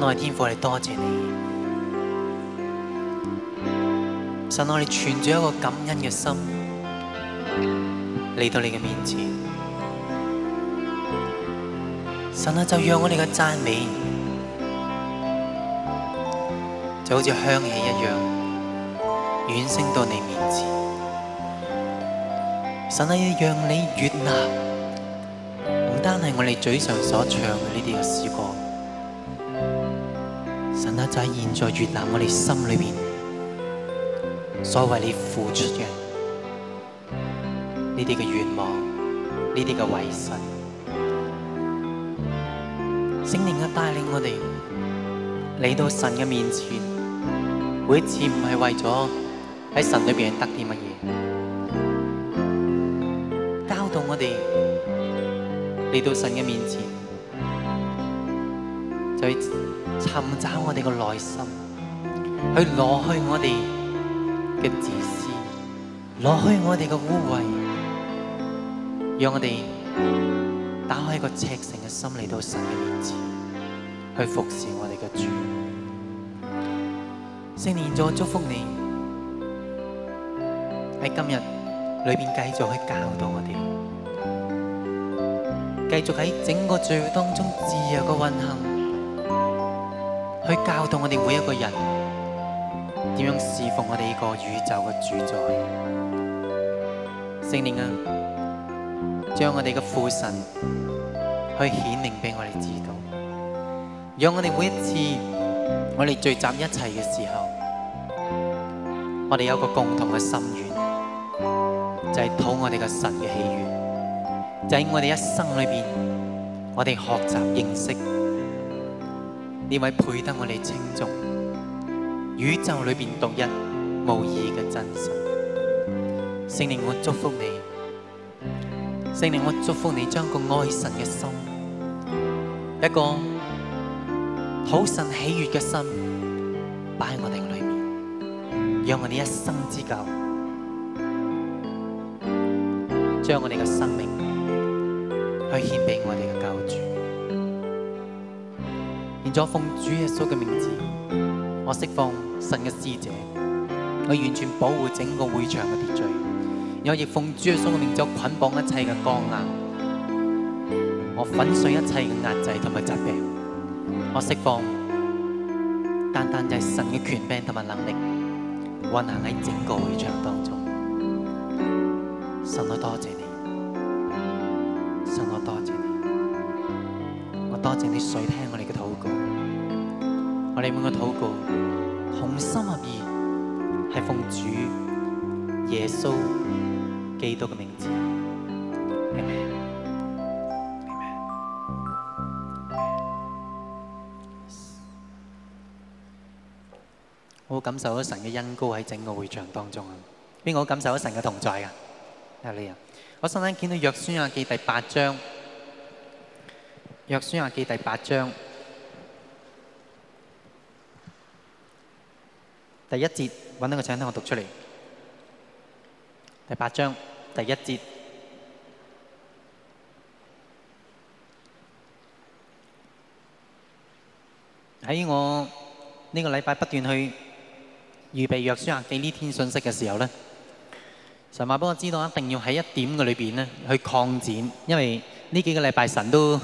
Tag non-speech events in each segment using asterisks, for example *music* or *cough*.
神啊，天父，我哋多謝你。神啊，我哋存住一個感恩嘅心嚟到你嘅面前。神啊，就讓我哋嘅讚美，就好似香氣一樣，遠升到你面前。神啊，也讓你悅納，唔單止係我哋嘴上所唱嘅呢啲嘅詩歌。就喺、是、現在越南，我哋心裏面所為你付出嘅呢啲嘅願望，呢啲嘅偉神，聖靈帶帶領我哋嚟到神嘅面前，每一次唔係為咗喺神裏面得啲乜嘢，教導我哋嚟到神嘅面前。去尋找我哋嘅內心，去攞去我哋嘅自私，攞去我哋嘅污穢，讓我哋打開一個赤誠嘅心嚟到神嘅面前，去服侍我哋嘅主。聖靈咗祝福你喺今日裏面繼續去教導我哋，繼續喺整個聚會當中自由嘅運行。去教導我哋每一個人點樣侍奉我哋呢個宇宙嘅主宰。聖靈啊，將我哋嘅父神去顯明俾我哋知道，讓我哋每一次我哋聚集一齊嘅時候，我哋有個共同嘅心願，就係討我哋嘅神嘅喜悅。就喺我哋一生裏邊，我哋學習認識。呢位配得我哋稱頌，宇宙裏邊獨一無二嘅真神，聖靈我祝福你，聖靈我祝福你，將個愛神嘅心，一個好神喜悅嘅心，擺喺我哋裏面，讓我哋一生之久，將我哋嘅生命去獻畀我哋嘅救主。咗奉主耶穌嘅名字，我釋放神嘅使者，我完全保護整個會場嘅秩序。我亦奉主耶穌嘅名字捆綁一切嘅剛硬，我粉碎一切嘅壓制同埋疾病。我釋放，單單就係神嘅權柄同埋能力運行喺整個會場當中。神我多，多謝。多謝你垂聽我哋嘅禱告，我哋每個禱告，同心合意，係奉主耶穌基督嘅名字。阿門。阿門。我感受咗神嘅恩膏喺整個會場當中啊！邊個感受咗神嘅同在啊？係你啊！我瞬間見到約書亞記第八章。約書亞記第八章第一節，搵翻個請聽我讀出嚟。第八章第一節。喺我呢個禮拜不斷去預備約書亞記呢篇信息嘅時候咧，神話畀我知道一定要喺一點嘅裏邊咧去擴展，因為呢幾個禮拜神都。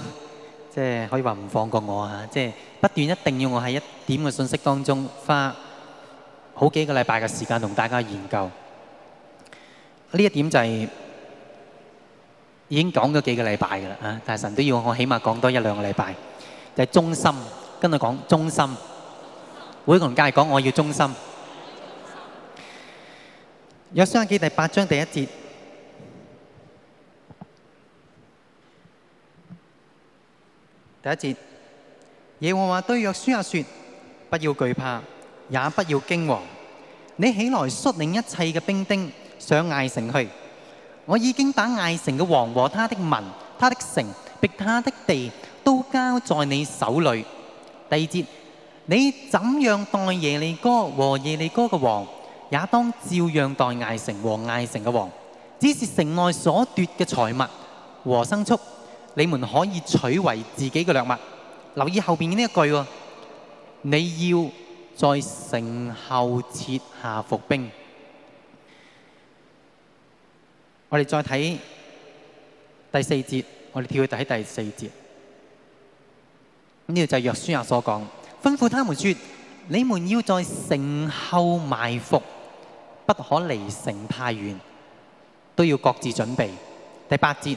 即係可以話唔放過我啊！即係不斷一定要我喺一點嘅信息當中花好幾個禮拜嘅時間同大家研究。呢一點就係已經講咗幾個禮拜㗎喇啊！但係神都要我起碼講多一兩個禮拜，就係忠心。跟佢講忠心，會同佢講我要忠心。約書亞記第八章第一節。第一節，耶和華對約書亞說：不要懼怕，也不要驚惶。你起來率領一切嘅兵丁上艾城去。我已經把艾城嘅王和他的民、他的城、逼他的地都交在你手裏。第二節，你怎樣待耶利哥和耶利哥嘅王，也當照樣待艾城和艾城嘅王。只是城內所奪嘅財物和牲畜，你們可以取為自己嘅掠物。留意後邊呢一句，你要在城後設下伏兵。我哋再睇第四節，我哋跳去睇第四節。呢度就係約書亞所講，吩咐他們說：你們要在城後埋伏，不可離城太遠，都要各自準備。第八節。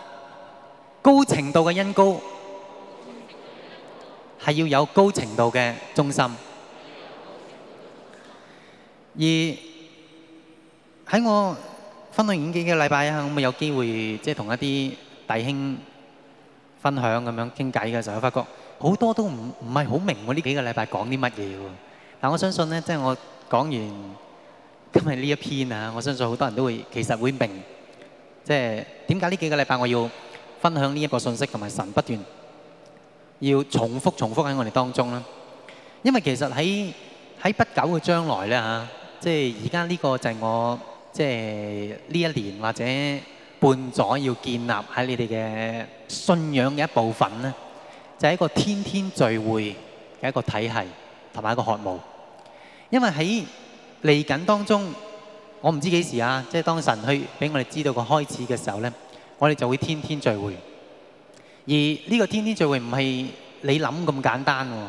高程度嘅恩膏，係要有高程度嘅忠心。而喺我分享完幾個禮拜啊，我咪有機會即係同一啲弟兄分享咁樣傾偈嘅時候，發覺好多都唔唔係好明喎。呢幾個禮拜講啲乜嘢喎？但係我相信咧，即係我講完今日呢一篇啊，我相信好多人都會其實會明，即係點解呢幾個禮拜我要分享呢一個信息，同埋神不斷要重複重複喺我哋當中啦。因為其實喺喺不久嘅將來咧嚇，即係而家呢個就係我即係呢一年或者半載要建立喺你哋嘅信仰嘅一部分咧，就係一個天天聚會嘅一個體系同埋一個學務。因為喺嚟緊當中，我唔知幾時啊，即係當神去俾我哋知道個開始嘅時候咧。我哋就會天天聚會，而呢個天天聚會唔係你諗咁簡單喎，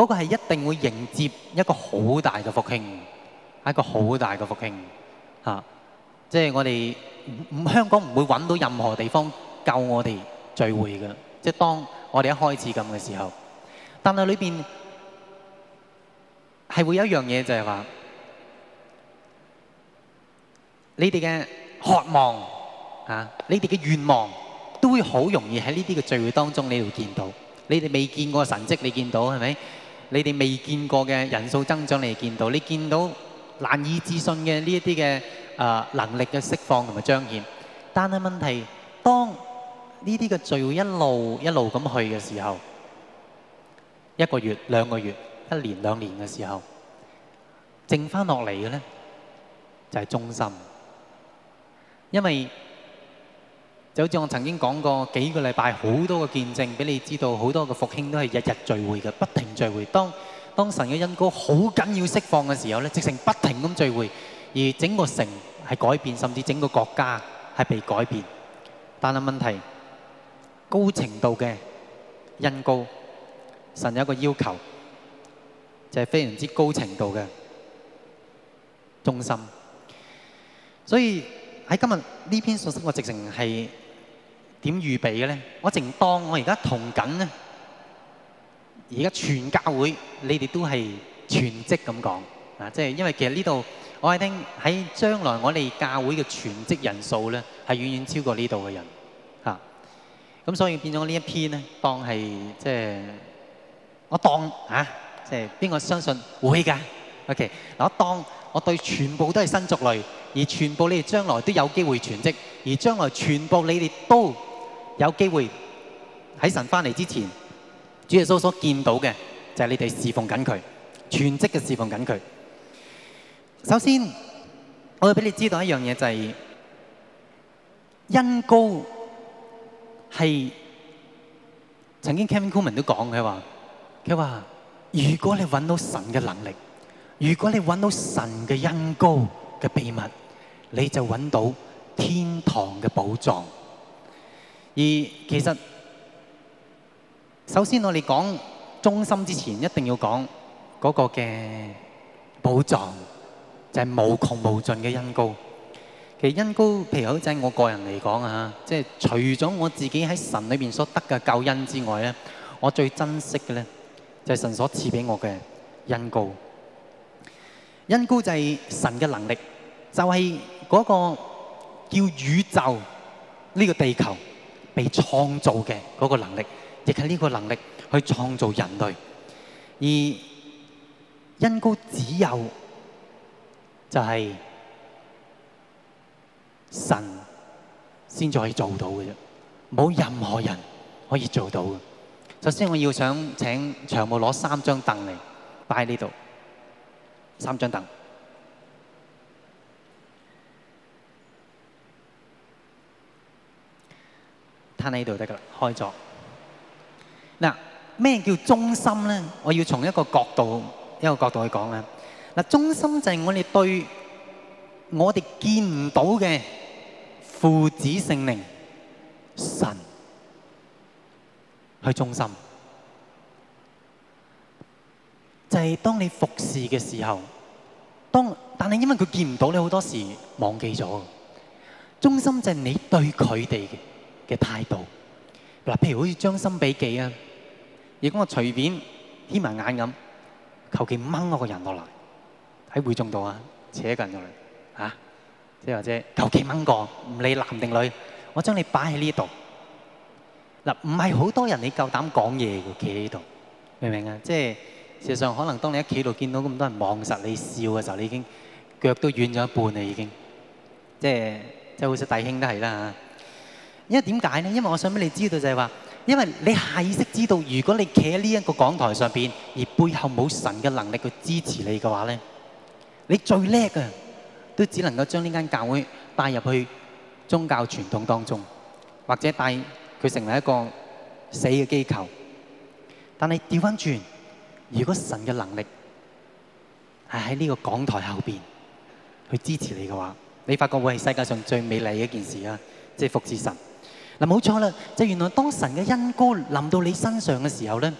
嗰個係一定會迎接一個好大嘅復興，一個好大嘅復興嚇。即係我哋香港唔會揾到任何地方夠我哋聚會㗎，即係當我哋一開始咁嘅時候。但係裏面係會有一樣嘢就係話，你哋嘅渴望。嚇、啊！你哋嘅願望都會好容易喺呢啲嘅聚會當中，你會見到。你哋未見過神跡，你見到係咪？你哋未見過嘅人數增長，你見到。你見到難以置信嘅呢一啲嘅啊能力嘅釋放同埋彰顯。但係問題是，當呢啲嘅聚會一路一路咁去嘅時候，一個月、兩個月、一年、兩年嘅時候，剩翻落嚟嘅呢，就係、是、忠心，因為。就好似我曾經講過幾個禮拜，好多個見證俾你知道，好多個復興都係日日聚會嘅，不停聚會。當當神嘅恩膏好緊要釋放嘅時候咧，直情不停咁聚會，而整個城係改變，甚至整個國家係被改變。但係問題，高程度嘅恩膏，神有一個要求，就係非常之高程度嘅忠心。所以喺今日呢篇信息，我直情係。點預備嘅咧？我淨當我而家同緊咧，而家全教會你哋都係全職咁講啊！即係因為其實呢度我係聽喺將來我哋教會嘅全職人數咧係遠遠超過呢度嘅人嚇。咁所以變咗呢一篇咧，當係即係我當嚇，即係邊個相信會㗎？OK，嗱我當我對全部都係新族類，而全部你哋將來都有機會全職，而將來全部你哋都。有機會喺神返嚟之前，主耶穌所見到嘅就係、是、你哋侍奉緊佢，全職嘅侍奉緊佢。首先，我要畀你知道一樣嘢，就係、是、恩膏係曾經 Kevin Coleman 都講，佢話佢話，如果你揾到神嘅能力，如果你揾到神嘅恩膏嘅秘密，你就揾到天堂嘅寶藏。而其實，首先我哋講忠心之前，一定要講嗰個嘅寶藏，就係、是、無窮無盡嘅恩膏。其實恩膏，譬如好似我個人嚟講啊，即、就、係、是、除咗我自己喺神裏面所得嘅救恩之外呢，我最珍惜嘅呢，就係神所賜畀我嘅恩膏。恩膏就係神嘅能力，就係、是、嗰個叫宇宙呢、這個地球。被創造嘅嗰個能力，亦係呢個能力去創造人類。而因高只有就係神先至可以做到嘅啫，冇任何人可以做到嘅。首先，我要想請長毛攞三張凳嚟擺喺呢度，三張凳。喺呢度得噶啦，開咗嗱。咩叫忠心咧？我要從一個角度，一個角度去講咧。嗱，忠心就係我哋對我哋見唔到嘅父子聖靈神去忠心，就係、是、當你服侍嘅時候，當但係因為佢見唔到你好多時候忘記咗。忠心就係你對佢哋嘅。嘅態度，嗱，譬如好似將心比己啊，如果我隨便冚埋眼咁，求其掹我個人落嚟喺會眾度啊，扯緊落嚟嚇，即係或者求其掹過，唔理男定女，我將你擺喺呢度。嗱，唔係好多人你夠膽講嘢嘅，企喺度，明唔明啊？即係事實上，可能當你喺企度見到咁多人望實你笑嘅時候，你已經腳都軟咗一半啦，已經。即係即係，好似弟兄都係啦嚇。因為點解呢？因為我想俾你知道就係話，因為你下意識知道，如果你企喺呢一個講台上邊，而背後冇神嘅能力去支持你嘅話，你最叻嘅都只能夠將呢間教會帶入去宗教傳統當中，或者帶佢成為一個死嘅機構。但係調翻轉，如果神嘅能力係喺呢個講台後面去支持你嘅話，你發覺會係世界上最美麗嘅一件事啊，即係服侍神。嗱冇錯啦，就原來當神嘅恩膏臨到你身上嘅時候咧，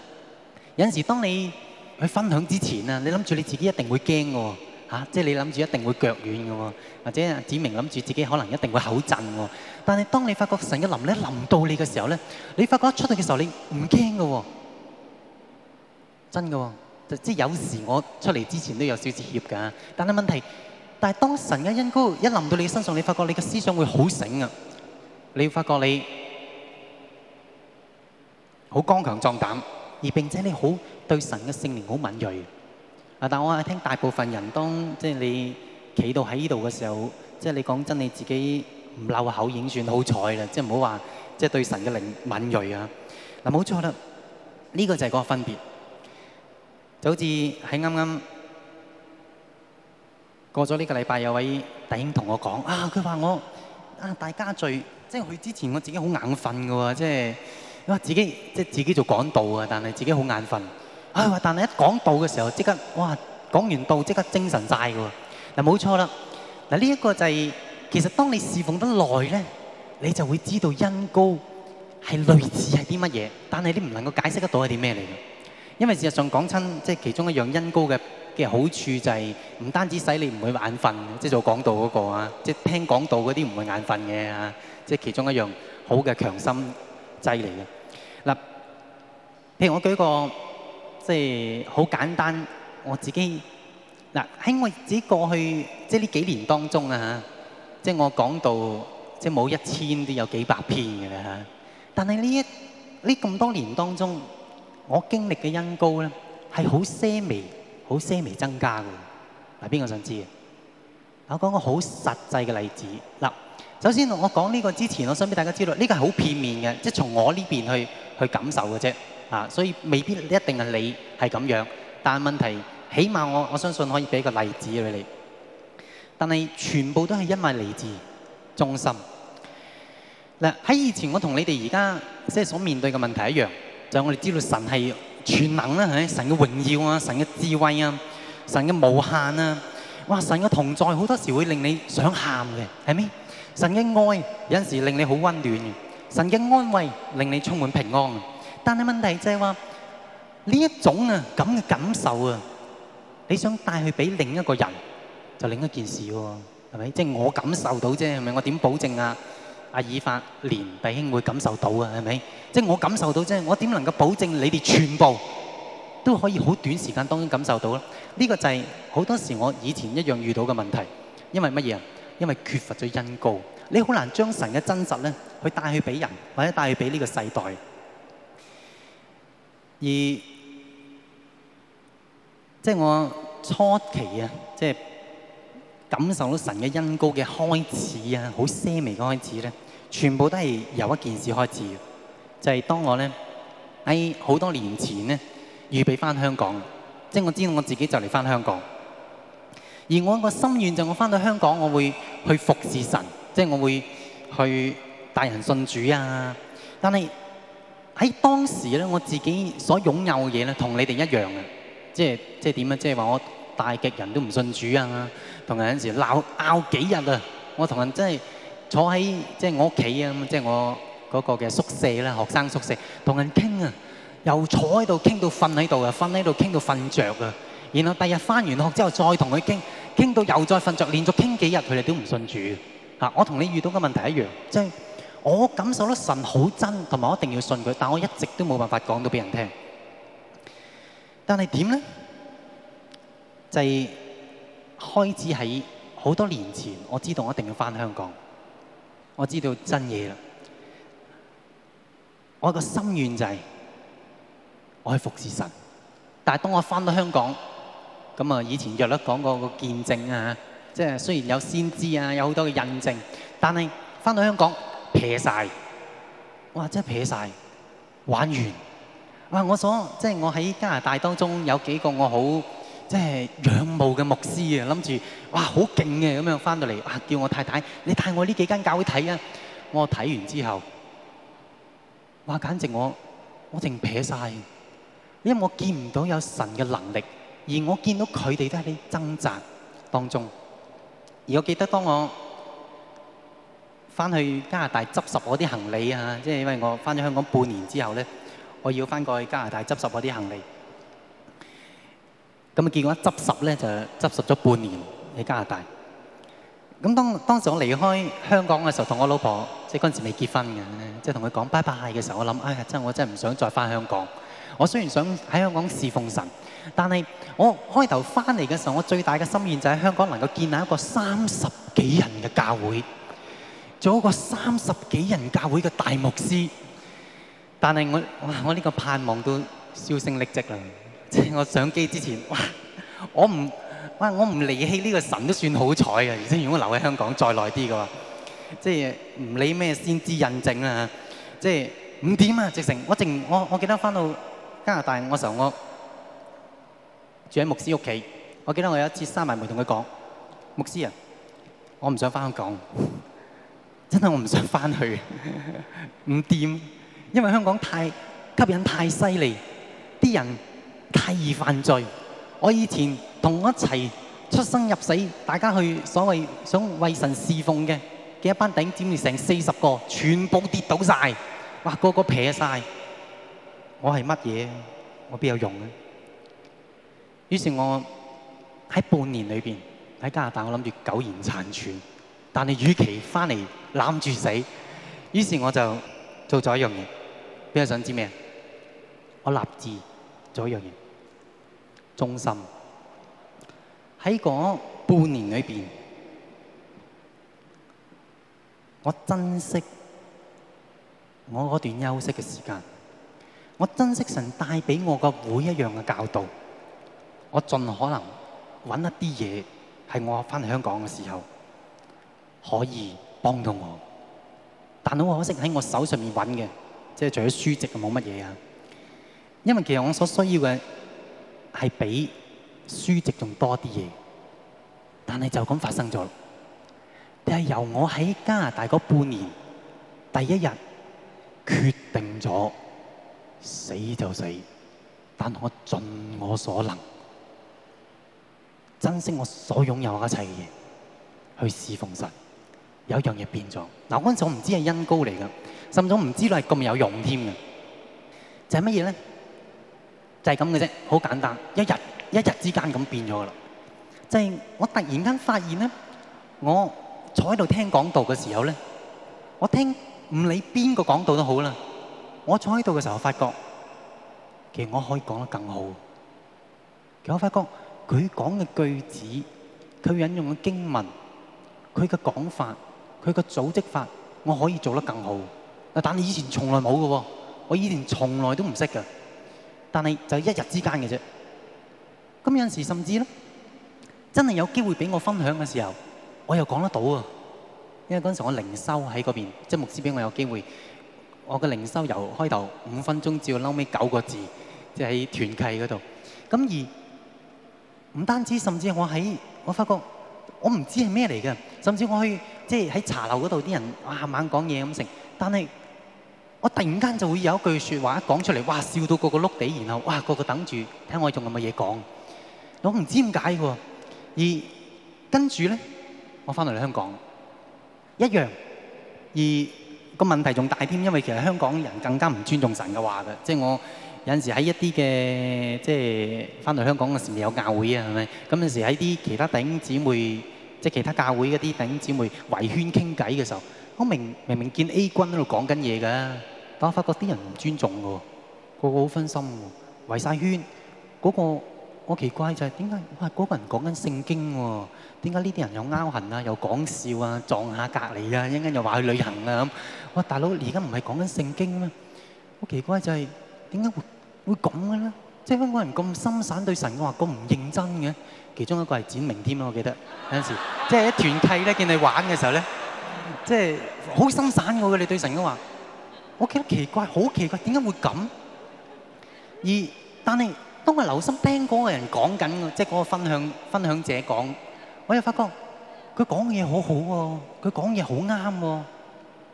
有陣時當你去分享之前啊，你諗住你自己一定會驚嘅喎，即係你諗住一定會腳軟嘅喎，或者子明諗住自己可能一定會口震嘅喎。但係當你發覺神嘅臨咧臨到你嘅時候咧，你發覺一出嚟嘅時候你唔驚嘅喎，真嘅喎，即係有時我出嚟之前都有少少怯㗎，但係問題，但係當神嘅恩膏一臨到你身上，你發覺你嘅思想會好醒啊！你要發覺你好剛強壯膽，而並且你好對神嘅聖靈好敏銳。但我係聽大部分人當即係你企到喺依度嘅時候，即係你講真的你自己唔漏口已經算好彩啦。即係唔好話即係對神嘅靈敏銳啊。嗱，冇錯啦，呢個就係嗰個分別。就好似喺啱啱過咗呢個禮拜，有位弟兄同我講啊，佢話我大家聚。即係佢之前我自己好眼瞓㗎喎，即係哇自己即係自己做講道啊，但係自己好眼瞓。啊話，但係一講道嘅時候，即刻哇講完道即刻精神晒㗎喎。嗱，冇錯啦，嗱，呢一個就係其實當你侍奉得耐咧，你就會知道恩膏係類似係啲乜嘢，但係你唔能夠解釋得到係啲咩嚟嘅。因為事實上講親，即係其中一樣恩膏嘅嘅好處就係唔單止使你唔會眼瞓，即係做講道嗰個啊，即係聽講道嗰啲唔會眼瞓嘅啊。即係其中一樣好嘅強心劑嚟嘅。嗱，譬如我舉個即係好簡單，我自己嗱喺我自己過去即係呢幾年當中啊，即係我講到即係冇一千都有幾百篇嘅啦。但係呢一呢咁多年當中，我經歷嘅恩膏咧係好些微、好些微增加嘅。嗱，邊個想知啊？我講個好實際嘅例子。嗱。首先，我講呢個之前，我想俾大家知道，呢、這個係好片面嘅，即係從我呢邊去去感受嘅啫啊，所以未必一定係你係咁樣。但係問題，起碼我我相信可以俾個例子俾你，但係全部都係因為嚟自忠心嗱。喺以前，我同你哋而家即係所面對嘅問題一樣，就係、是、我哋知道神係全能啦，係神嘅榮耀啊，神嘅智慧啊，神嘅無限啊，哇！神嘅同在好多時會令你想喊嘅，係咪？神嘅愛有陣時令你好溫暖，神嘅安慰令你充滿平安。但係問題就係話呢一種啊咁嘅感受啊，你想帶去俾另一個人，就另一件事喎、啊，係咪？即、就、係、是、我感受到啫，係咪？我點保證啊？阿爾法、連弟兄會感受到啊，係咪？即、就、係、是、我感受到啫，我點能夠保證你哋全部都可以好短時間當中感受到咧？呢、這個就係好多時我以前一樣遇到嘅問題，因為乜嘢啊？因為缺乏咗恩膏，你好難將神嘅真實呢去帶去俾人，或者帶去俾呢個世代。而即係我初期啊，即係感受到神嘅恩膏嘅開始啊，好奢微嘅開始呢，全部都係由一件事開始，就係當我呢喺好多年前呢預備翻香港，即係我知道我自己就嚟翻香港。而我個心願就是我返到香港，我會去服侍神，即係我會去帶人信主啊。但係喺當時呢，我自己所擁有嘅嘢呢，同你哋一樣就即係即係點啊？即係話我大極人都唔信主啊，同人有時鬧拗幾日啊，我同人真係坐喺即係我屋企啊，即係我嗰個嘅宿舍啦，學生宿舍，同人傾啊，又坐喺度傾到瞓喺度啊，瞓喺度傾到瞓着啊。然後第二日返完學之後再跟他談談，再同佢傾傾到又再瞓著，連續傾幾日佢哋都唔信主。我同你遇到嘅問題是一樣，即、就、係、是、我感受到神好真，同埋我一定要信佢，但我一直都冇辦法講到畀人聽。但係點呢？就係、是、開始喺好多年前，我知道我一定要返香港，我知道真嘢喇。我個心願就係、是、我去服侍神，但係當我返到香港。咁啊！以前若律講過個見證啊，即係雖然有先知啊，有好多嘅印證，但係翻到香港撇曬，哇！真係撇晒，玩完。哇！我所即係我喺加拿大當中有幾個我好即係仰慕嘅牧師啊，諗住哇好勁嘅咁樣翻到嚟啊，叫我太太，你帶我呢幾間教會睇啊。我睇完之後哇，簡直我我淨撇晒，因為我見唔到有神嘅能力。而我見到佢哋都喺啲掙扎當中。而我記得，當我翻去加拿大執拾我啲行李啊，即係因為我翻咗香港半年之後咧，我要翻過去加拿大執拾我啲行李。咁啊，結果執拾咧就執拾咗半年喺加拿大。咁當當時我離開香港嘅時候，同我老婆即係嗰陣時未結婚嘅，即係同佢講拜拜嘅時候我，我諗唉呀，真係我真係唔想再翻香港。我雖然想喺香港侍奉神。但係我開頭翻嚟嘅時候，我最大嘅心願就喺香港能夠建立一個三十幾人嘅教會，做一個三十幾人教會嘅大牧師。但係我哇，我呢個盼望都銷聲匿跡啦！即係我上機之前，哇，我唔哇，我唔離棄呢個神都算好彩嘅。而且如果留喺香港再耐啲嘅話，即係唔理咩先知印證啊！即係五點啊，直成我直我我記得翻到加拿大嗰時候我，住喺牧師屋企，我記得我有一次閂埋門同佢講，牧師啊，我唔想翻香港，真係我唔想翻去，唔 *laughs* 掂，因為香港太吸引太犀利，啲人太易犯罪。我以前同我一齊出生入死，大家去所謂想為神侍奉嘅嘅一班頂尖，成四十個全部跌倒晒，哇個個撇晒。我係乜嘢？我邊有用啊？於是，我喺半年裏邊喺加拿大，我諗住苟延殘喘。但係，與其返嚟攬住死，於是我就做咗一樣嘢。邊個想知咩？我立志做一樣嘢，忠心。喺嗰半年裏面，我珍惜我嗰段休息嘅時間，我珍惜神帶俾我嘅每一樣嘅教導。我盡可能揾一啲嘢，係我返香港嘅時候可以幫到我。但好可惜，喺我手上面揾嘅，即係除咗書籍，冇乜嘢呀。因為其實我所需要嘅係比書籍仲多啲嘢。但係就噉發生咗，係由我喺加拿大嗰半年第一日決定咗，死就死，但我盡我所能。珍惜我所擁有一切嘅嘢，去侍奉神。有一樣嘢變咗，嗱，嗰陣我唔知係恩膏嚟嘅，甚至唔知道佢係咁有用添嘅，就係乜嘢呢？就係咁嘅啫，好簡單，一日一日之間咁變咗嘅啦。就係我突然間發現我坐喺度聽講道嘅時候，我聽唔理邊個講道都好，我坐喺度嘅時候，我發覺其實我可以講得更好，其實我發覺。佢講嘅句子，佢引用嘅經文，佢嘅講法，佢嘅組織法，我可以做得更好。但係以前從來冇嘅喎，我以前從來都唔識嘅。但係就一日之間嘅啫。咁有陣時甚至咧，真係有機會俾我分享嘅時候，我又講得到啊！因為嗰陣時我靈修喺嗰邊，即係牧師俾我有機會，我嘅靈修由開頭五分鐘至到嬲尾九個字，即係喺團契嗰度。咁而唔單止，甚至我喺我發覺，我唔知係咩嚟嘅。甚至我去即係喺茶樓嗰度啲人啊，猛講嘢咁食。但係我突然間就會有一句説話講出嚟，哇笑到個個碌地，然後哇個個等住聽我仲有乜嘢講，我唔知點解喎。而跟住咧，我翻到嚟香港一樣，而個問題仲大添，因為其實香港人更加唔尊重神嘅話嘅，即係我。有時喺一啲嘅即係翻到香港嘅時候，有教會啊，係咪？咁有時喺啲其他頂姊妹，即係其他教會嗰啲頂姊妹圍圈傾偈嘅時候，我明明明見 A 君喺度講緊嘢㗎，但我發覺啲人唔尊重㗎，個個好分心喎，圍曬圈。嗰個我奇怪就係點解？哇！嗰個人講緊聖經喎，點解呢啲人又拗痕啊，又講笑啊，撞下隔離啊，一陣間又話去旅行啊？我大佬你而家唔係講緊聖經咩？好奇怪就係點解會？會咁嘅啦，即係香港人咁心散對神嘅話咁唔認真嘅，其中一個係展明添啦，我記得有陣時，即係一團契呢，見你玩嘅時候呢，即係好心散我嘅你對神嘅話，我覺得奇怪，好奇怪，點解會咁？而但係當我留心聽嗰個人講緊，即係嗰個分享分享者講，我又發覺佢講嘢好好喎，佢講嘢好啱喎，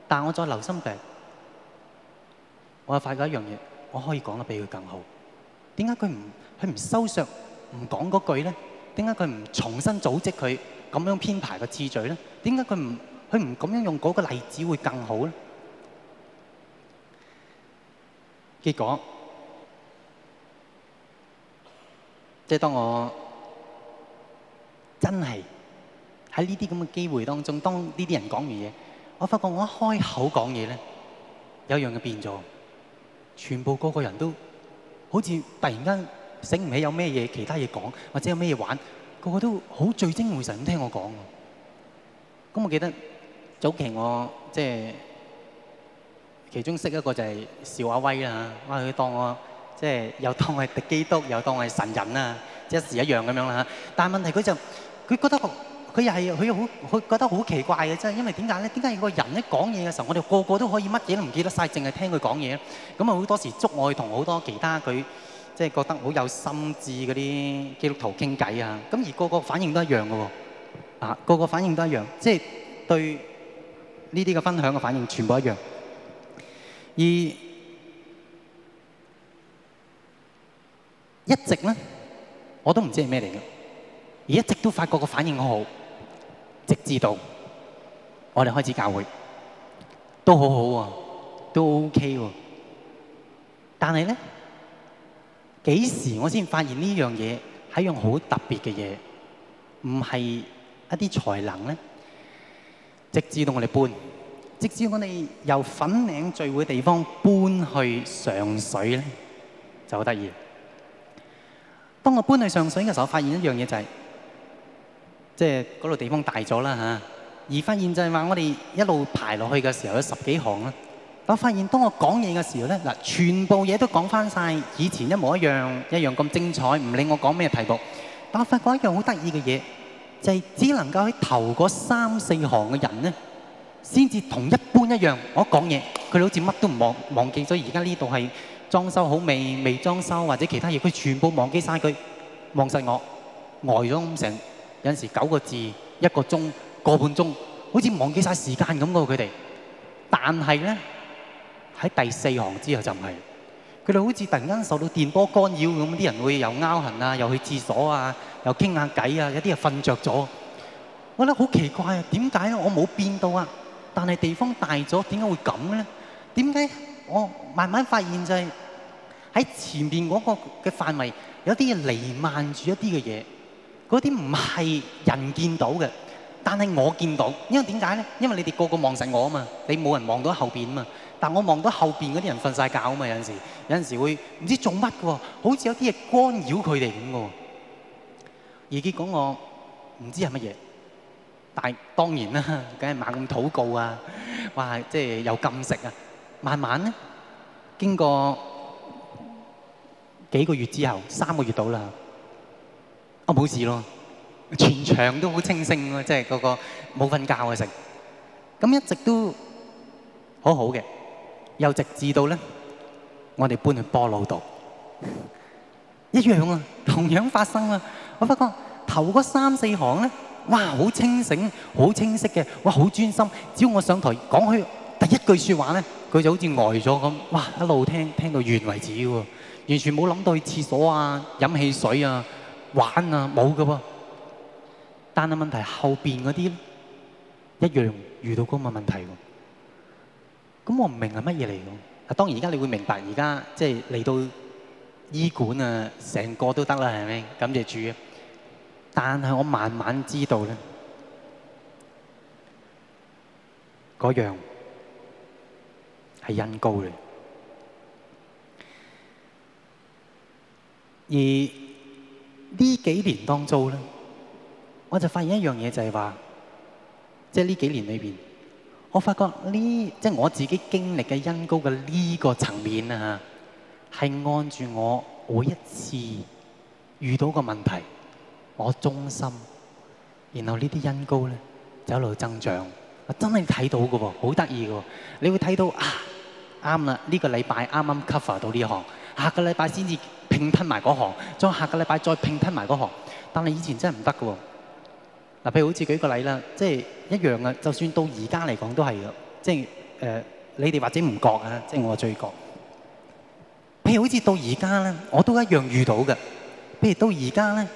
但我再留心啲，我又發覺一樣嘢。我可以講得比佢更好。點解佢唔佢唔收縮，唔講嗰句呢？點解佢唔重新組織佢咁樣編排個次序呢？點解佢唔佢唔咁樣用嗰個例子會更好呢？結果即係當我真係喺呢啲咁嘅機會當中，當呢啲人講完嘢，我發覺我一開口講嘢呢，有一樣嘢變咗。全部個個人都好似突然間醒唔起有咩嘢其他嘢講，或者有咩嘢玩，個個都好聚精會神咁聽我講。咁我記得早期我即係其中識一個就係邵阿威啦，話佢當我即係又當我係敵基督，又當我係神人啊，一時一樣咁樣啦嚇。但係問題佢就佢覺得。佢又係，佢好，佢覺得好奇怪嘅啫。因為點解咧？點解個人咧講嘢嘅時候，我哋個個都可以乜嘢都唔記得晒，淨係聽佢講嘢。咁啊，好多時捉我去同好多其他佢即係覺得好有心智嗰啲基督徒傾偈啊。咁而個個反應都一樣嘅喎，啊，個個反應都一樣，即係對呢啲嘅分享嘅反應全部一樣。而一直咧，我都唔知係咩嚟嘅，而一直都發覺個反應好好。直至到我哋開始教會，都好好、啊、喎，都 OK 喎、啊。但係呢，幾時我先發現呢樣嘢係一樣好特別嘅嘢？唔係一啲才能呢。直至到我哋搬，直至我哋由粉嶺聚會的地方搬去上水呢，就好得意。當我搬去上水嘅時候，我發現一樣嘢就係、是。即係嗰度地方大咗啦嚇，而發現就係話我哋一路排落去嘅時候有十幾行啦。我發現當我講嘢嘅時候咧，嗱，全部嘢都講翻晒以前一模一樣，一樣咁精彩，唔理我講咩題目。但我發覺一樣好得意嘅嘢，就係只能夠喺頭嗰三四行嘅人咧，先至同一般一樣。我講嘢，佢好似乜都唔忘忘記咗。而家呢度係裝修好未？未裝修或者其他嘢，佢全部忘記晒。佢望晒我呆咗咁成。有時九個字一個鐘個半鐘，好似忘記曬時間咁嘅佢哋。但係咧，喺第四行之後就唔係。佢哋好似突然間受到電波干擾咁，啲人會又撓痕啊，又去廁所啊，又傾下偈啊，有啲又瞓著咗。我覺得好奇怪啊，點解我冇變到啊？但係地方大咗，點解會咁咧？點解我慢慢發現就係喺前面嗰個嘅範圍有啲嘢瀰漫住一啲嘅嘢。嗰啲唔係人見到嘅，但係我見到，因為點解咧？因為你哋個個望實我啊嘛，你冇人望到後邊啊嘛，但我望到後邊嗰啲人瞓曬覺啊嘛，有陣時，有陣時會唔知做乜嘅喎，好似有啲嘢干擾佢哋咁嘅喎。而結果我唔知係乜嘢，但係當然啦，梗係猛咁禱告啊，話係即係又禁食啊，慢慢咧，經過幾個月之後，三個月到啦。冇事咯，全場都好清醒咯，即係嗰個冇瞓覺嘅成，咁一直都好好嘅，又直至到咧，我哋搬去波老道，一樣啊，同樣發生啊，我發覺頭嗰三四行咧，哇，好清醒，好清晰嘅，哇，好專心，只要我上台講佢第一句說話咧，佢就好似呆咗咁，哇，一路聽聽到完為止喎，完全冇諗到去廁所啊，飲汽水啊。玩啊，冇噶喎！但係問題後邊嗰啲一樣遇到嗰個問題喎。咁我唔明係乜嘢嚟嘅？當然而家你會明白，而家即係嚟到醫館啊，成個都得啦，係咪？感謝主啊！但係我慢慢知道咧，嗰樣係恩膏嚟，而...呢幾年當中咧，我就發現一樣嘢就係話，即係呢幾年裏邊，我發覺呢即係我自己經歷嘅恩膏嘅呢個層面啊，係按住我每一次遇到個問題，我忠心，然後呢啲恩膏咧就一路增長，我真係睇到嘅喎，好得意嘅喎，你會睇到啊，啱啦，呢個禮拜啱啱 cover 到呢行，下個禮拜先至。拼吞埋嗰行，再下個禮拜再拼吞埋嗰行，但你以前真係唔得嘅喎。嗱，譬如好似舉個例啦，即係一樣啊。就算到而家嚟講都係，即係呃，你哋或者唔覺啊，即係我最覺。譬如好似到而家咧，我都一樣遇到嘅。譬如到而家咧，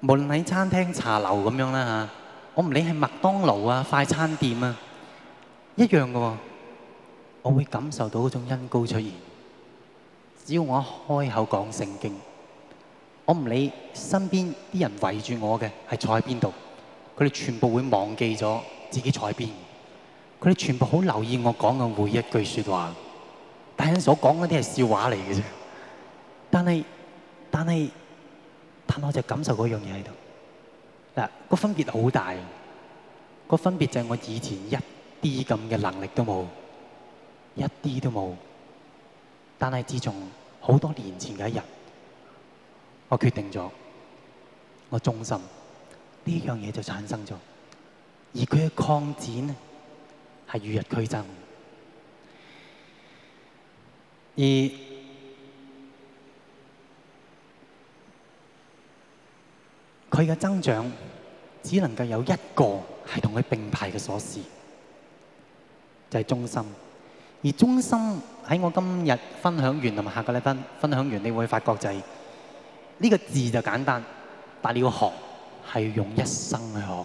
無論喺餐廳、茶樓咁樣啦嚇，我唔理係麥當勞啊、快餐店啊，一樣嘅喎，我會感受到嗰種恩高出現。只要我一開口講聖經，我唔理身邊啲人圍住我嘅係坐喺邊度，佢哋全部會忘記咗自己坐喺邊，佢哋全部好留意我講嘅每一句説話。但係所講嗰啲係笑話嚟嘅啫。但係但係，但我就感受嗰樣嘢喺度。嗱，個分別好大。個分別就係我以前一啲咁嘅能力都冇，一啲都冇。但係自從好多年前嘅一日，我決定咗我忠心，呢樣嘢就產生咗，而佢嘅擴展係與日俱增，而佢嘅增長只能夠有一個係同佢並排嘅鎖匙，就係忠心。而中心喺我今日分享完，同埋下個禮拜分享完，你會發覺就係呢個字就簡單，但你要學係要用一生去學。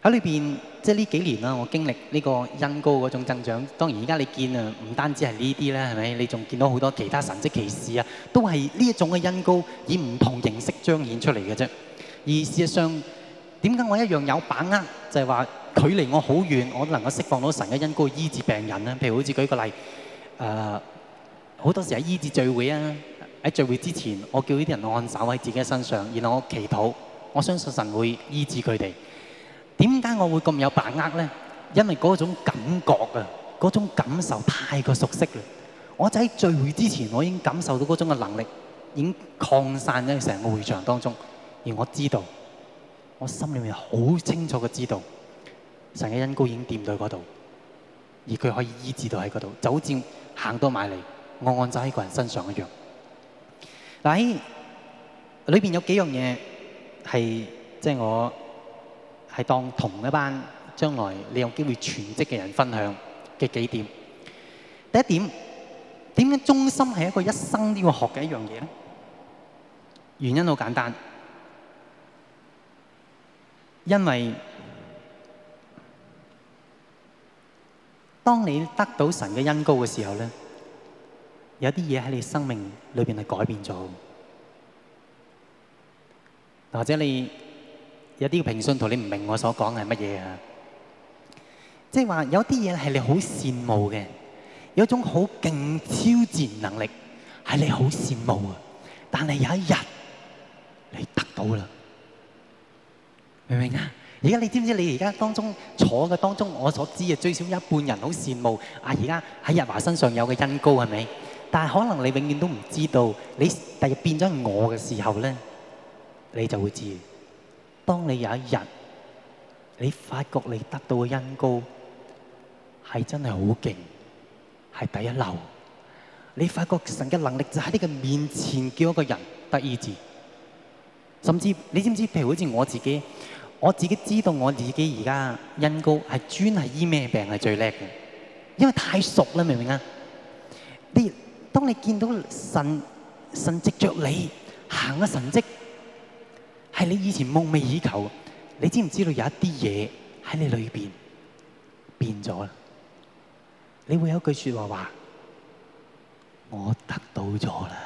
喺裏邊即係呢幾年啦，我經歷呢個恩膏嗰種增長，當然而家你見啊，唔單止係呢啲咧，係咪？你仲見到好多其他神蹟奇事啊，都係呢一種嘅恩膏以唔同形式彰顯出嚟嘅啫。而事實上，點解我一樣有把握？就係話。距離我好遠，我能夠釋放到神嘅恩膏醫治病人。譬如好似舉個例，誒、呃、好多時喺醫治聚會啊，喺聚會之前，我叫呢啲人按手喺自己嘅身上，然後我祈禱，我相信神會醫治佢哋。點解我會咁有把握咧？因為嗰種感覺啊，嗰種感受太過熟悉啦。我就喺聚會之前，我已經感受到嗰種嘅能力已經擴散咗成個會場當中，而我知道，我心裏面好清楚嘅知道。神嘅恩膏已經掂到嗰度，而佢可以醫治到喺嗰度，就好似行到埋嚟，我按就喺個人身上一樣。嗱，喺裏邊有幾樣嘢係即係我係當同一班將來你有機會全職嘅人分享嘅幾點。第一點，點解忠心係一個一生都要學嘅一樣嘢咧？原因好簡單，因為當你得到神嘅恩膏嘅時候咧，有啲嘢喺你生命裏邊係改變咗，或者你有啲平信徒你唔明我所講係乜嘢啊？即係話有啲嘢係你好羨慕嘅，有一種好勁超自然能力係你好羨慕啊！但係有一日你得到啦，明唔明啊？而家你知唔知？你而家當中坐嘅當中，我所知嘅最少一半人好羨慕啊！而家喺日華身上有嘅恩膏係咪？但係可能你永遠都唔知道，你第日變咗我嘅時候咧，你就會知道。當你有一日，你發覺你得到嘅恩膏係真係好勁，係第一流。你發覺神嘅能力就喺你嘅面前叫一個人得醫治，甚至你知唔知道？譬如好似我自己。我自己知道我自己而家因高係專係醫咩病是最叻嘅，因為太熟啦，明唔明啊？你當你見到神神藉着你行嘅神蹟，係你以前夢寐以求的，你知唔知道有一啲嘢喺你裏面變咗？你會有一句說話話：我得到咗啦！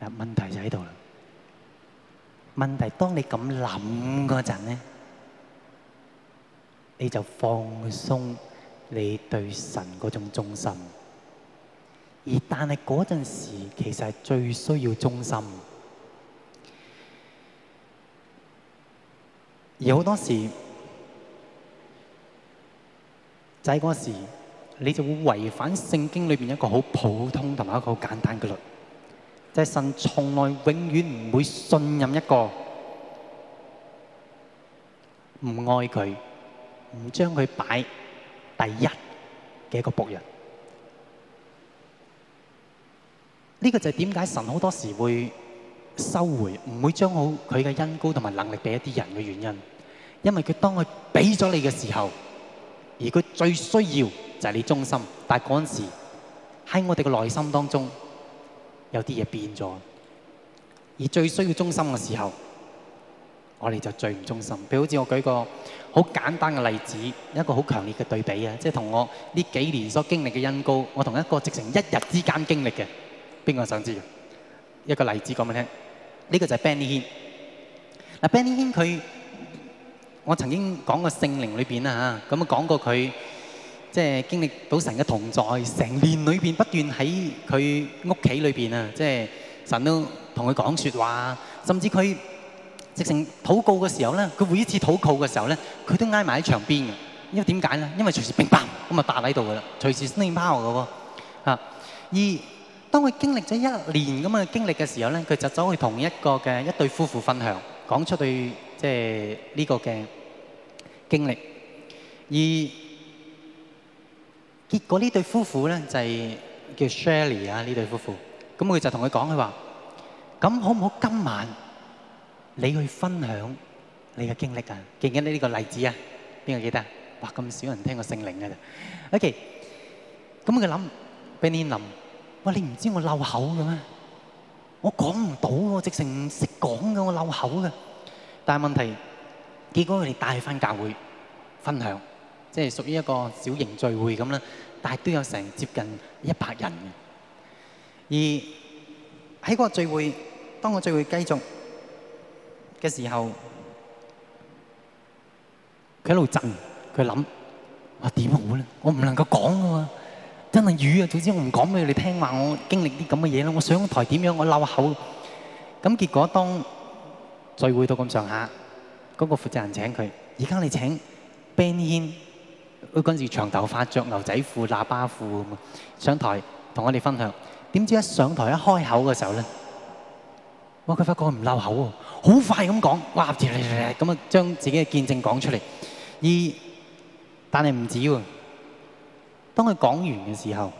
問題就喺度啦問題當你咁諗嗰陣呢，你就放鬆你對神嗰種忠心，而但係嗰陣時其實係最需要忠心，而好多時就係嗰時，你就會違反聖經裏面一個好普通同埋一個好簡單嘅律。但是神從來永遠唔會信任一個唔愛佢、唔將佢擺第一嘅一個僕人。呢個就係點解神好多時會收回，唔會將好佢嘅恩膏同埋能力俾一啲人嘅原因。因為佢當佢俾咗你嘅時候，而佢最需要就係你忠心。但係嗰陣時喺我哋嘅內心當中，有啲嘢變咗，而最需要忠心嘅時候，我哋就最唔忠心。譬如好似我舉個好簡單嘅例子，一個好強烈嘅對比啊，即係同我呢幾年所經歷嘅恩膏，我同一個直情一日之間經歷嘅，邊個想知道？一個例子講俾你聽，呢個就係 Benny Hinn 嗱 Benny Hinn 佢，我曾經講過聖靈裏邊啊嚇，咁啊講過佢。即係經歷到神嘅同在，成年裏邊不斷喺佢屋企裏邊啊！即係神都同佢講說話，甚至佢直情禱告嘅時候咧，佢每一次禱告嘅時候咧，佢都挨埋喺牆邊嘅。因為點解咧？因為隨時乒乓咁啊，打喺度噶啦，隨時閃電貓噶喎吓。而當佢經歷咗一年咁嘅經歷嘅時候咧，佢就走去同一個嘅一對夫婦分享，講出對即係呢個嘅經歷，而。結果呢對夫婦咧就係叫 Shelly 啊，呢對夫婦跟他說，咁佢就同佢講佢話：咁可唔可以今晚你去分享你嘅經歷啊？記唔記得呢個例子啊？邊個記得？哇，咁少人聽過聖靈嘅啫。OK，咁佢諗畀你諗喂，你唔知道我漏口嘅咩？我講唔到喎，我直情唔識講嘅，我漏口嘅。但係問題，結果佢哋帶翻教會分享。即係屬於一個小型聚會咁啦，但係都有成接近一百人。而喺嗰個聚會，當個聚會繼續嘅時候，佢喺度震，佢諗：我點好咧？我唔能夠講㗎喎，真係瘀啊！總之我唔講俾你哋聽話，我經歷啲咁嘅嘢啦。我上台點樣？我漏口。咁結果當聚會到咁上下，嗰個負責人請佢：而家你請 Ben Yen。佢嗰陣時長頭髮，著牛仔褲、喇叭褲咁啊，上台同我哋分享。點知一上台一開口嘅時候咧，哇！佢發覺佢唔漏口喎，好快咁講，哇！嚟嚟嚟咁啊，將自己嘅見證講出嚟。而但係唔止喎，當佢講完嘅時候，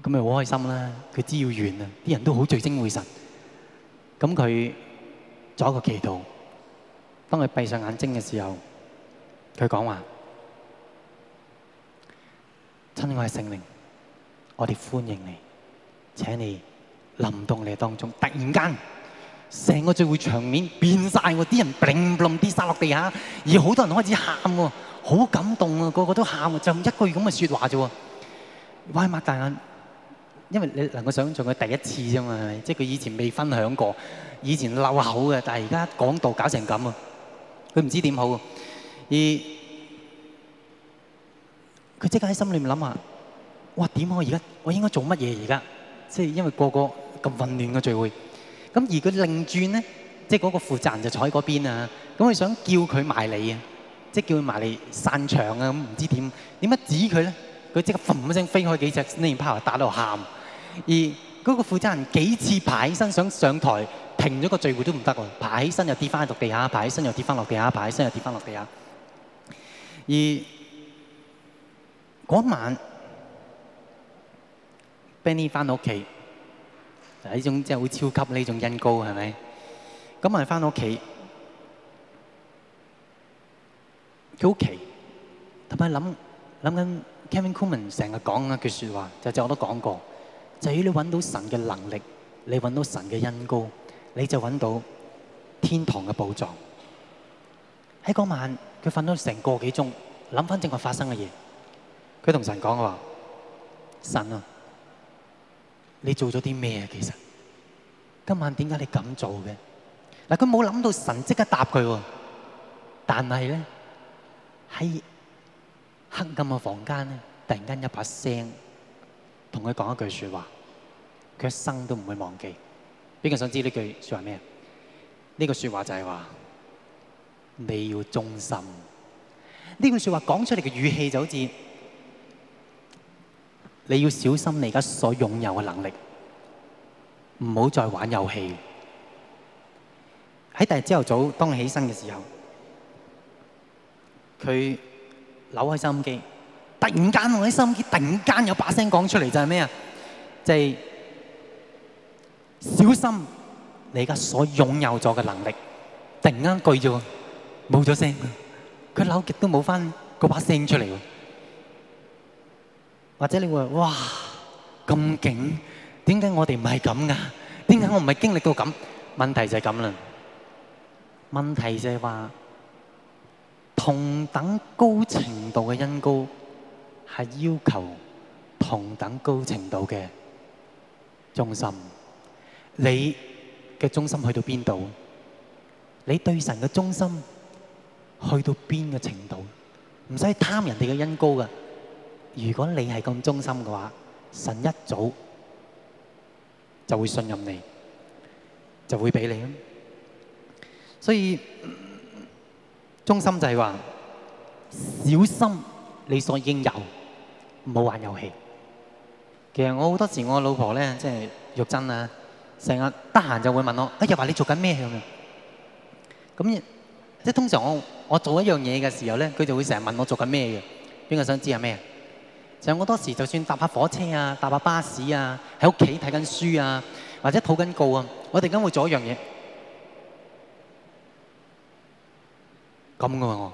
咁咪好開心啦！佢知要完啦，啲人都好聚精會神。咁佢做一個祈禱，當佢閉上眼睛嘅時候。佢講話：親愛聖靈，我哋歡迎你，請你臨到你當中。突然間，成個聚會場面變晒喎，啲人 boom 落地下，而好多人開始喊喎，好感動啊，個個都喊啊，就一句咁嘅説話啫喎，喂，擘大眼，因為你能夠想像佢第一次啫嘛，係咪？即係佢以前未分享過，以前漏口嘅，但係而家講到搞成咁喎，佢唔知點好喎。而佢即刻喺心裏面諗啊！哇，點我而家我應該做乜嘢而家？即係因為個個咁混亂嘅聚會。咁而佢擰轉咧，即係嗰個負責人就坐喺嗰邊啊。咁佢想叫佢埋嚟啊，即係叫佢埋嚟散場啊，咁唔知點？點解指佢咧？佢即刻嘭一聲飛開幾隻榴彈炮，打到喊。而嗰個負責人幾次爬起身想上台停咗個聚會都唔得喎，爬起身又跌翻落地下，爬起身又跌翻落地下，爬起身又跌翻落地下。而嗰晚 Benny 翻到屋企，係一種即係好超級呢種恩膏，係咪？咁啊，翻到屋企，佢好奇，同埋諗諗緊。Kevin Kuhman 成日講嗰句説話，就係我都講過，就係你揾到神嘅能力，你揾到神嘅恩膏，你就揾到天堂嘅寶藏。喺嗰晚。佢瞓咗成個幾鐘，諗翻正話發生嘅嘢。佢同神講，話神啊，你做咗啲咩啊？其實今晚點解你咁做嘅？嗱，佢冇諗到神即刻答佢。但係咧，喺黑暗嘅房間咧，突然間一把聲同佢講一句說話，佢一生都唔會忘記。邊個想知呢句說話咩？呢、這個說話就係話。你要忠心。呢句說話講出嚟，嘅語氣就好似你要小心你而家所擁有嘅能力，唔好再玩遊戲。喺第二朝頭早，當你起身嘅時候，佢扭開收音機，突然間喎，啲收音機突然間有把聲講出嚟，就係咩啊？就係小心你而家所擁有咗嘅能力，突然間句住。冇咗聲，佢扭極都冇翻嗰把聲出嚟。或者你話：哇，咁勁，點解我哋唔係咁㗎？點解我唔係經歷到咁？問題就係咁啦。問題就係話，同等高程度嘅恩膏，係要求同等高程度嘅忠心。你嘅忠心去到邊度？你對神嘅忠心？去到邊個程度，唔使貪人哋嘅恩高㗎。如果你係咁忠心嘅話，神一早就會信任你，就會俾你啊。所以忠心就係話，小心你所應有，唔好玩遊戲。其實我好多時，我老婆咧即係玉珍啊，成日得閒就會問我：哎呀，話你做緊咩咁樣？咁即係通常我。我做一樣嘢嘅時候呢，佢就會成日問我做緊咩嘅，邊個想知係咩？就係我當時就算搭下火車啊、搭下巴士啊、喺屋企睇緊書啊，或者抱緊告啊，我突然間會做一樣嘢，咁嘅我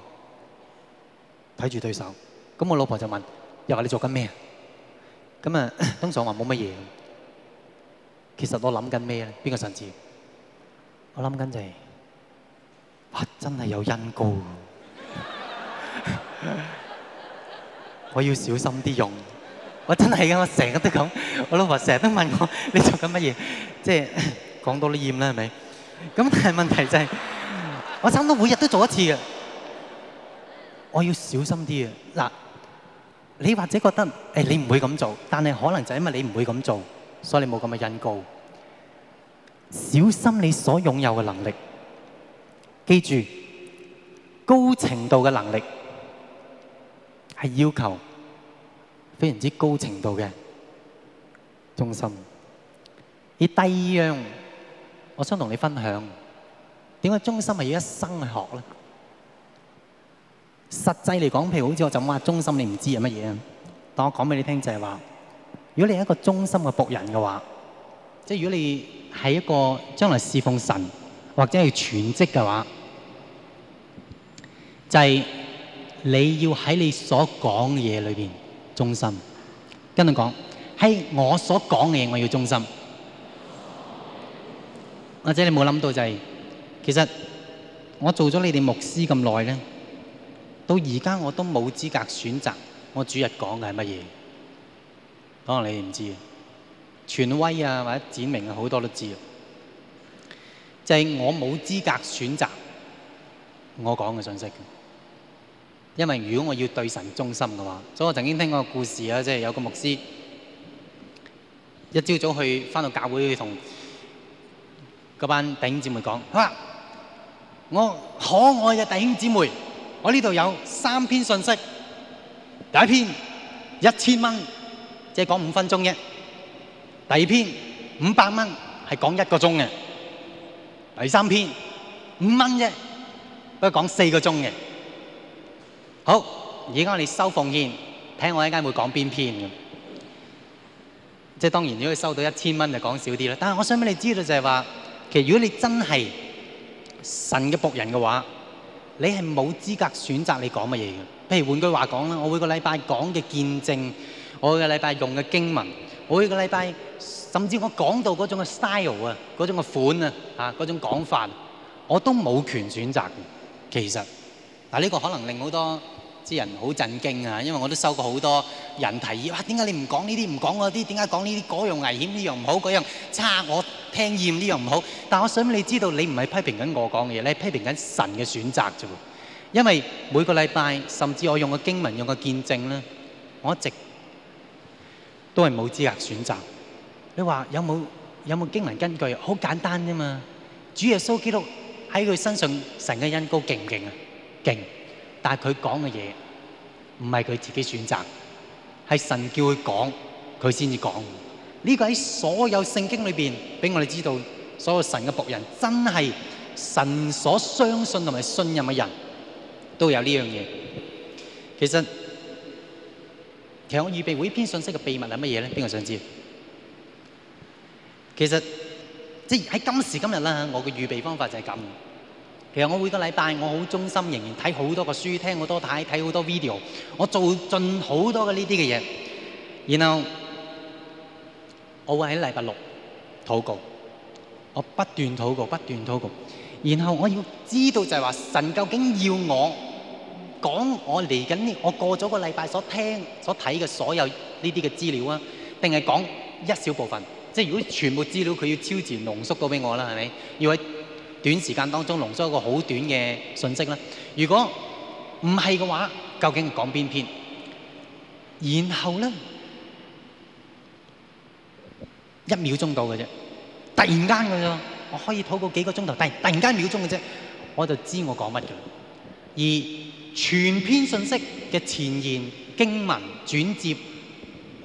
睇住對手，咁我老婆就問：又話你做緊咩？咁啊，通常話冇乜嘢。其實我諗緊咩咧？邊個想知道？我諗緊就係。哇！真係有恩膏，我要小心啲用。我真係嘅，我成日都咁，我老婆成日都問我：你做緊乜嘢？即係講多都厭啦，係咪？咁但係問題就係，我差唔多每日都做一次嘅，我要小心啲嘅。嗱，你或者覺得誒你唔會咁做，但係可能就係因為你唔會咁做，所以你冇咁嘅恩膏。小心你所擁有嘅能力。記住，高程度嘅能力係要求非常之高程度嘅忠心。而第二樣，我想同你分享，點解忠心係要一生去學咧？實際嚟講，譬如好似我就話忠心，你唔知係乜嘢啊？但我講俾你聽就係話，如果你係一個忠心嘅僕人嘅話，即係如果你係一個將來侍奉神。或者係全職嘅話，就係、是、你要喺你所講嘢裏面忠心，跟你講係我所講嘅嘢，我要忠心。或者你冇諗到就係、是，其實我做咗你哋牧師咁耐呢，到而家我都冇資格選擇我主日講嘅係乜嘢。可能你唔知道，傳威啊或者展明啊好多都知道。就係我冇資格選擇我講嘅信息嘅，因為如果我要對神忠心嘅話，所以我曾經聽過個故事啊，即係有個牧師一朝早去返到教會去同嗰班弟兄姊妹講：我可愛嘅弟兄姊妹，我呢度有三篇信息，第一篇一千蚊，即係講五分鐘嘅；第二篇五百蚊，係講一個鐘嘅。第三篇五蚊啫，不過講四個鐘嘅。好，而家我哋收奉獻，睇我一間會講邊篇嘅。即係當然，如果你收到一千蚊就講少啲啦。但係我想俾你知道就係話，其實如果你真係神嘅僕人嘅話，你係冇資格選擇你講乜嘢嘅。譬如換句話講啦，我每個禮拜講嘅見證，我每個禮拜用嘅經文，我每個禮拜。甚至我講到嗰種嘅 style 啊，嗰種嘅款啊，嚇嗰種講法，我都冇權選擇。其實嗱，呢個可能令好多啲人好震驚啊，因為我都收過好多人提議，哇！點解你唔講呢啲？唔講嗰啲？點解講呢啲？嗰樣危險，呢樣唔好，嗰樣差，啊！我聽厭呢樣唔好。但我想你知道，你唔係批評緊我講嘅嘢，你批評緊神嘅選擇啫喎。因為每個禮拜，甚至我用嘅經文，用嘅見證咧，我一直都係冇資格選擇。你話有冇有冇經文根據？好簡單啫嘛！主耶穌基督喺佢身上神的，神嘅恩膏勁唔勁啊？勁！但係佢講嘅嘢唔係佢自己選擇，係神叫佢講，佢先至講。呢、呢個喺所有聖經裏邊，俾我哋知道，所有神嘅僕人真係神所相信同埋信任嘅人都有呢樣嘢。其實，其實我預備會篇信息嘅秘密係乜嘢咧？邊個想知？其實即係喺今時今日啦，我嘅預備方法就係咁。其實我每個禮拜我好忠心，仍然睇好多個書，聽好多睇睇好多 video，我做盡好多嘅呢啲嘅嘢，然後我會喺禮拜六禱告，我不斷禱告不斷禱告，然後我要知道就係話神究竟要我講我嚟緊呢？我過咗個禮拜所聽所睇嘅所有呢啲嘅資料啊，定係講一小部分？即係如果全部資料佢要超前濃縮到俾我啦，係咪？要喺短時間當中濃縮一個好短嘅信息啦。如果唔係嘅話，究竟係講邊篇？然後咧，一秒鐘到嘅啫，突然間嘅啫，我可以討論幾個鐘頭，但係突然間一秒鐘嘅啫，我就知我講乜嘅。而全篇信息嘅前言、經文、轉接、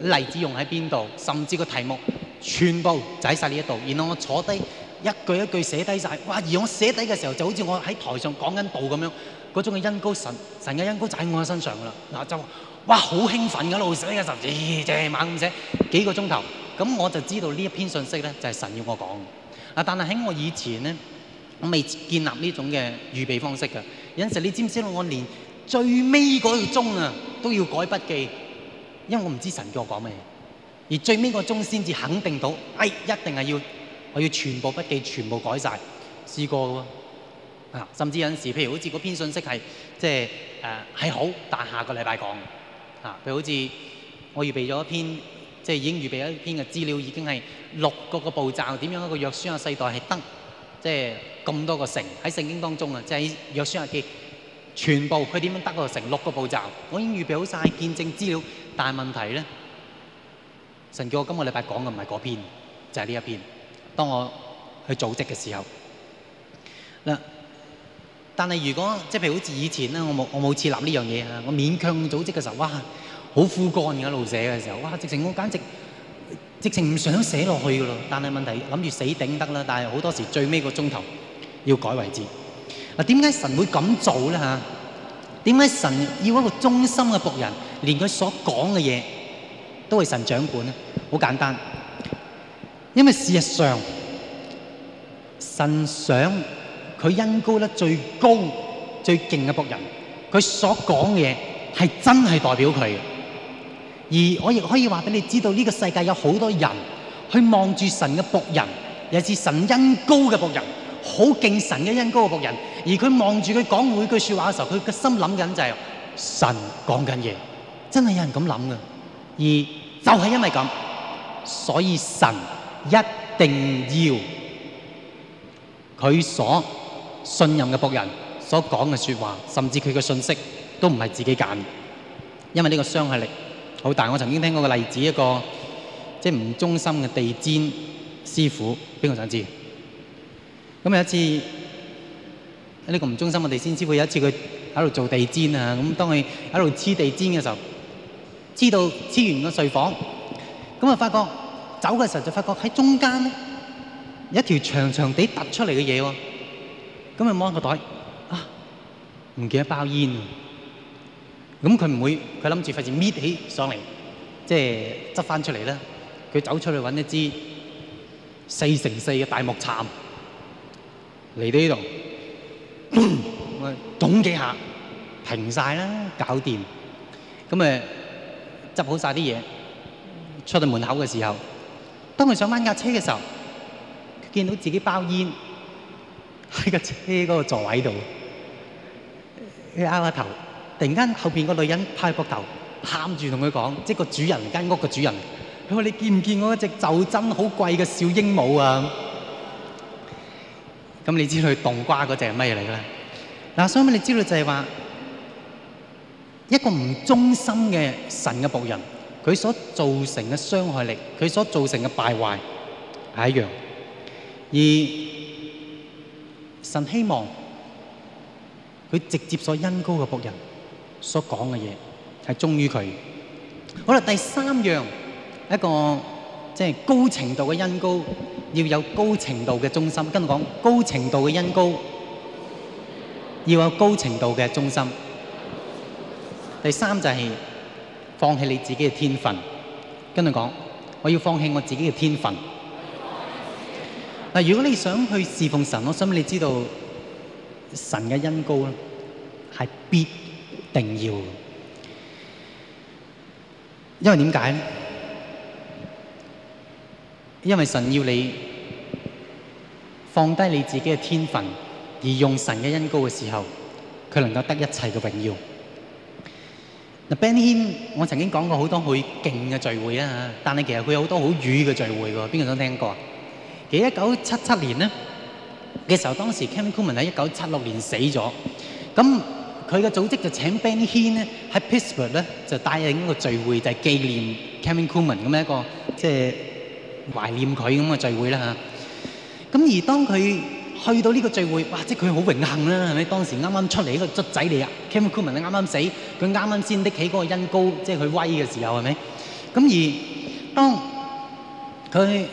例子用喺邊度，甚至個題目。全部就喺曬呢一度，然後我坐低一句一句寫低晒。哇！而我寫低嘅時候，就好似我喺台上講緊道咁樣，嗰種嘅恩膏神，神神嘅恩膏就喺我身上噶啦。嗱就話哇，好興奮噶啦，寫嘅時候，夜夜猛咁寫幾個鐘頭。咁我就知道呢一篇信息咧，就係神要我講。啊，但係喺我以前咧，我未建立呢種嘅預備方式嘅。有時你知唔知道，我連最尾嗰個鐘啊都要改筆記，因為我唔知道神叫我講咩。而最尾個鐘先至肯定到，哎，一定係要我要全部筆記全部改晒。試過喎，啊，甚至有陣時，譬如好似嗰篇信息係即係誒係好，但下個禮拜講，啊，譬如好似我預備咗一篇，即係已經預備一篇嘅資料，已經係六個個步驟點樣一個約書亞世代係得，即係咁多個成喺聖經當中啊，就係約書亞記全部佢點樣得個成六個步驟，我已經預備好晒見證資料，但係問題咧。神叫我今個禮拜講嘅唔係嗰篇，就係呢一篇。當我去組織嘅時候，嗱，但係如果即係譬如好似以前咧，我冇我冇設立呢樣嘢啊，我勉強組織嘅時候，哇，好枯乾嘅一路寫嘅時候，哇，直情我簡直直情唔想寫落去噶咯。但係問題諗住死頂得啦。但係好多時最尾個鐘頭要改位置。嗱，點解神會咁做咧？吓，點解神要一個忠心嘅僕人，連佢所講嘅嘢都係神掌管咧？好簡單，因為事實上，神想佢恩高咧最高、最勁嘅僕人，佢所講嘢係真係代表佢。而我亦可以話俾你知道，呢、這個世界有好多人去望住神嘅僕人，尤其是神恩高嘅僕人，好敬神嘅恩高嘅僕人。而佢望住佢講每句說話嘅時候，佢個心諗緊就係、是、神講緊嘢，真係有人咁諗嘅。而就係因為咁。所以神一定要佢所信任嘅僕人所講嘅說話，甚至佢嘅信息都唔係自己揀，因為呢個傷害力好大。我曾經聽過個例子，一個即係唔忠心嘅地氈師傅，邊個想知？咁有一次喺呢個唔忠心嘅地氈師傅，有一次佢喺度做地氈啊，咁當佢喺度黐地氈嘅時候，黐到黐完個睡房。咁啊！發覺走嘅時候就發覺喺中間咧，有一條長長地突出嚟嘅嘢喎。咁啊，掹個袋啊，唔記得一包煙。咁佢唔會，佢諗住費事搣起上嚟，即係執翻出嚟啦。佢走出去揾一支四乘四嘅大木蠶嚟到呢度，捅幾下，平曬啦，搞掂。咁啊，執好曬啲嘢。出到門口嘅時候，當佢上翻架車嘅時候，佢見到自己包煙喺架車嗰個座位度，佢拗下頭，突然間後邊個女人拍佢膊頭，喊住同佢講，即係個主人間屋嘅主人，佢話：你見唔見我一隻袖珍好貴嘅小鸚鵡啊？咁你知佢凍瓜嗰隻係乜嘢嚟嘅呢？嗱，所以你知道就係話一個唔忠心嘅神嘅僕人。佢所造成嘅傷害力，佢所造成嘅敗壞係一樣。而神希望佢直接所恩膏嘅僕人所講嘅嘢係忠於佢。好啦，第三樣一個即係高程度嘅恩膏要有高程度嘅忠心。跟住講，高程度嘅恩膏要有高程度嘅忠心。第三就係。放棄你自己嘅天分，跟你講，我要放棄我自己嘅天分。如果你想去侍奉神，我想你知道神嘅恩膏是必定要的，因為點解呢？因為神要你放低你自己嘅天分，而用神嘅恩膏嘅時候，佢能夠得一切嘅榮耀。b e n 天，我曾經講過好多佢勁嘅聚會啊。嚇，但係其實佢有好多好癒嘅聚會喎。邊個想聽過啊？其實一九七七年咧嘅時候，當時 Cameron 喺一九七六年死咗，咁佢嘅組織就請 Ben 天咧喺 Pittsburgh 咧就帶領個聚會，就係、是、紀念 k e Cameron 咁樣一個即係、就是、懷念佢咁嘅聚會啦嚇。咁而當佢去到呢個聚會，哇！即係佢好榮幸啦，係咪？當時啱啱出嚟一個卒仔嚟啊，Kathryn Kuhlman 啱啱死，佢啱啱先拎起嗰個恩膏，即係佢威嘅時候，係咪？咁而當佢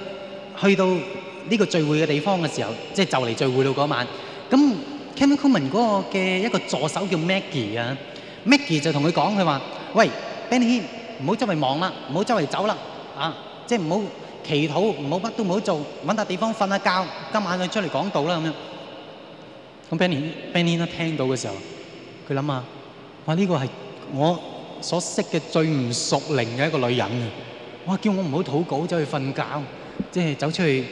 去到呢個聚會嘅地方嘅時候，即係就嚟、是、聚會到嗰晚，咁 Kathryn Kuhlman 嗰個嘅一個助手叫 Maggie 啊，Maggie 就同佢講，佢話，喂 Benny，唔好周圍望啦，唔好周圍走啦，啊，即係唔好。祈禱唔好乜都唔好做，搵笪地方瞓下覺。今晚佢出嚟講道啦咁樣。咁 Benny Benny 呢聽到嘅時候，佢諗啊，哇，呢個係我所識嘅最唔熟靈嘅一個女人嘅。哇，叫我唔好禱告，走去瞓覺，即係走出去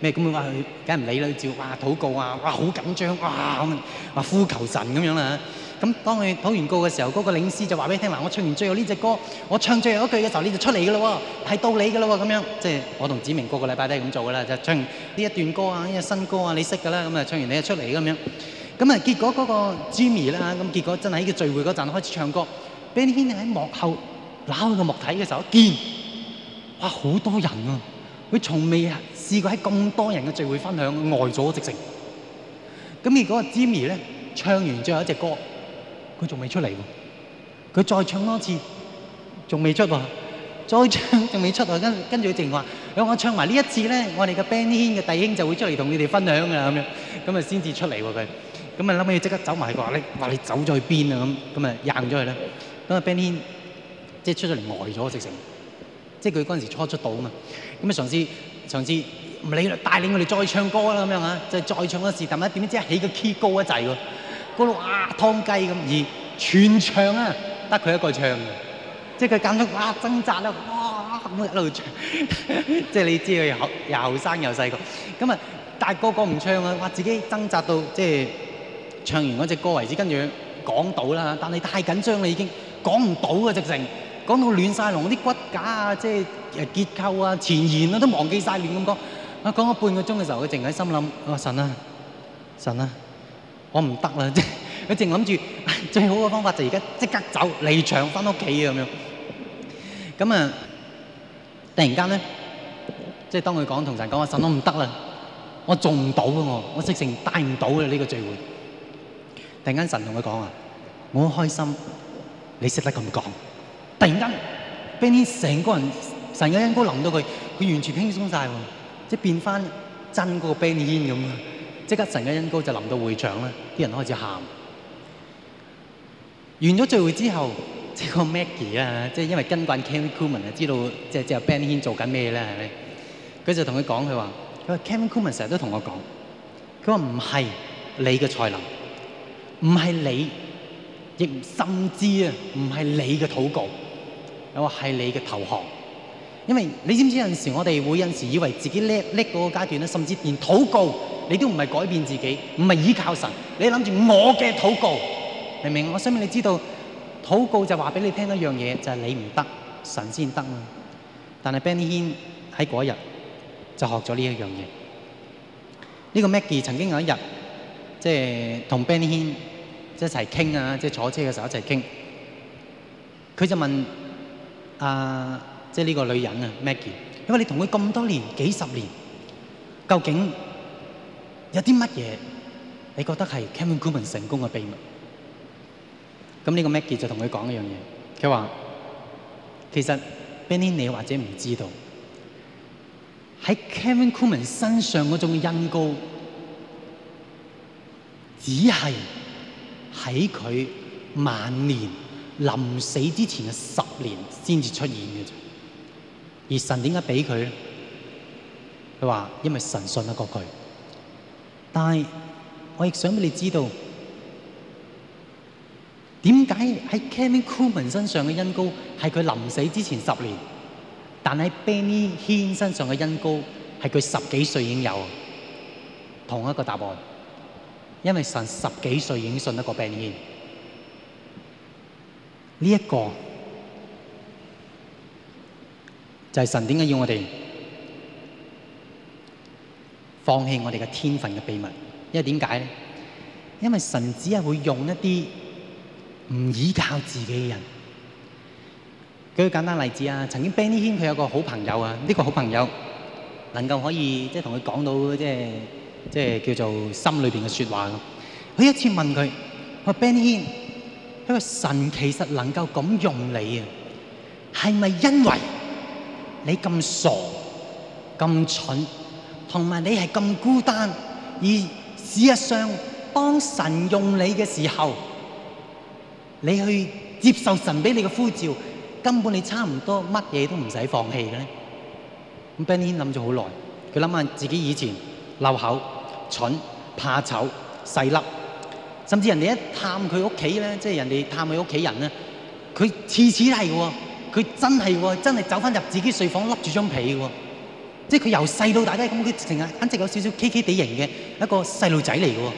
咩咁啊？佢梗係唔理啦，照哇禱告啊，哇好緊張，哇咁啊，話呼求神咁樣啦。咁當佢禱完告嘅時候，嗰、那個領詩就話俾你聽：話我唱完最後呢隻歌，我唱最後一句嘅時候，你就出嚟嘅咯喎，係到你嘅咯喎，咁樣即係、就是、我同子明個個禮拜都係咁做嘅啦，就唱呢一段歌啊，呢個新歌啊，你識嘅啦，咁啊唱完你就出嚟咁樣。咁啊結果嗰個 Jimmy 啦，咁結果真係喺個聚會嗰陣開始唱歌 *music* ，Ben 天喺幕後攬佢個幕睇嘅時候，見哇好多人啊！佢從未試過喺咁多人嘅聚會分享，呆咗直情。咁結果 Jimmy 咧唱完最後一隻歌。佢仲未出嚟喎，佢再唱多次，仲未出喎，再唱仲未出喎，跟跟住佢淨話，我唱埋呢一次咧，我哋嘅 Ben 天嘅弟兄就會出嚟同你哋分享㗎咁樣，咁啊先至出嚟喎佢，咁啊諗起即刻走埋個話你話你走在邊啊咁，咁啊行咗嚟咧，咁啊 Ben 天即係出咗嚟呆咗直成，即係佢嗰陣時初出道啊嘛，咁啊嘗試嘗試唔理帶領我哋再唱歌啦咁樣啊，就係、是、再唱嗰次，但係點知起個 key 高一滯喎。嗰度哇，湯雞咁而全場啊，得佢一個唱嘅，即係佢緊張哇，掙扎啦，哇咁一路唱，即係你知佢又又後生又細個，咁啊大哥講唔唱啊，哇自己掙扎到即係唱完嗰隻歌為止，跟住講到啦，但係太緊張啦已經講唔到啊直情，講到亂曬龍啲骨架啊，即係誒結構啊、前言啊都忘記曬亂咁講，我講咗半個鐘嘅時候，佢靜喺心諗，我話神啊，神啊。我唔得啦，即係佢淨諗住最好嘅方法就而家即刻走離場翻屋企咁樣。咁啊，突然間咧，即係當佢講同神講話神，都唔得啦，我做唔到㗎我，我直情帶唔到嘅呢個聚會。突然間神同佢講話，我好開心，你識得咁講。突然間 Benny 成個人神嘅恩光臨到佢，佢完全輕鬆晒喎，即係變翻真個 Benny 咁樣！即刻神嘅恩膏就臨到會場咧，啲人開始喊。完咗聚會之後，即係個 Maggie 啊，即係因為跟慣 Kathryn Kuhlman 啊，知道即係即係 Benny Hinn 做緊咩咧，係咪？佢就同佢講，佢話：佢話 Kathryn Kuhlman 成日都同我講，佢話唔係你嘅才能，唔係你，亦唔甚至啊，唔係你嘅禱告，佢話係你嘅投降。因為你知唔知有陣時我哋會有陣時以為自己叻叻嗰個階段咧，甚至連禱告你都唔係改變自己，唔係依靠神，你諗住我嘅禱告，明明？我相信你知道禱告就話俾你聽一樣嘢，就係、是、你唔得，神先得啦。但係 Benny Hinn 喺嗰日就學咗呢一樣嘢。呢、這個 Maggie 曾經有一日，即、就、係、是、同 Benny Hinn 一齊傾啊，即、就、係、是、坐車嘅時候一齊傾，佢就問啊。呃即係呢個女人啊，Maggie，因為你同佢咁多年、幾十年，究竟有啲乜嘢你覺得係 Kathryn Kuhlman 成功嘅秘密？咁呢個 Maggie 就同佢講一樣嘢，佢話其實 Benny，你或者唔知道喺 Kathryn Kuhlman 身上嗰種恩膏，只係喺佢晚年臨死之前嘅十年先至出現嘅啫。而神點解畀佢？佢話因為神信得過佢。但係我亦想俾你知道，點解喺 Kenny Cooman 身上嘅恩膏係佢臨死之前十年，但係 Benny Hinn 身上嘅恩膏係佢十幾歲已經有，同一個答案，因為神十幾歲已經信得過 Benny Hinn。呢、這、一個。就係、是、神點解要我哋放棄我哋嘅天份嘅秘密？因為點解咧？因為神只係會用一啲唔依靠自己嘅人。舉個簡單的例子啊，曾經 Benny Hinn 佢有一個好朋友啊，呢、這個好朋友能夠可以即係同佢講到即係即係叫做心裏邊嘅説話。佢一次問佢，我 Benny Hinn，佢話神其實能夠咁用你啊，係咪因為？你咁傻、咁蠢，同埋你係咁孤單，而事實上，當神用你嘅時候，你去接受神畀你嘅呼召，根本你差唔多乜嘢都唔使放棄嘅呢。咁 Ben 軒諗咗好耐，佢諗下自己以前漏口、蠢、怕醜、細粒，甚至人哋一探佢屋企咧，即係人哋探佢屋企人咧，佢次次喎。佢真係喎，真係走返入自己睡房，笠住張被喎。即係佢由細到大咧，咁佢成係簡直有少少 K K 地型嘅一個細路仔嚟喎。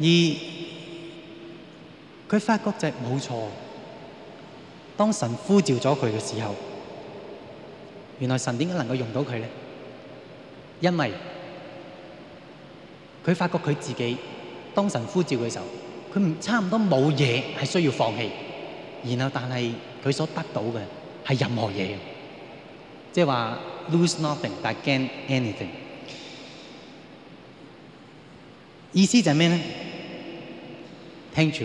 而佢發覺就係冇錯，當神呼召咗佢嘅時候，原來神點解能夠用到佢呢？因為佢發覺佢自己當神呼召嘅時候，佢唔差唔多冇嘢係需要放棄，然後但係。佢所得到嘅係任何嘢，即係話 lose nothing，但係 gain anything 意。意思就係咩咧？聽住，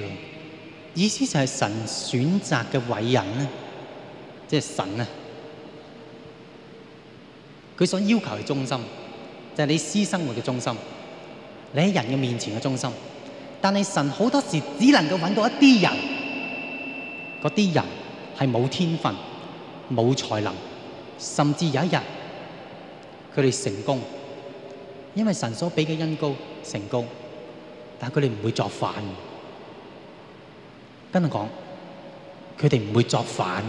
意思就係神選擇嘅偉人咧，即係神啊！佢所要求嘅忠心，就係、是、你私生活嘅忠心，你喺人嘅面前嘅忠心。但係神好多時候只能夠揾到一啲人，嗰啲人。係冇天份、冇才能，甚至有一日佢哋成功，因為神所畀嘅恩膏成功，但係佢哋唔會作反。跟你講，佢哋唔會作反。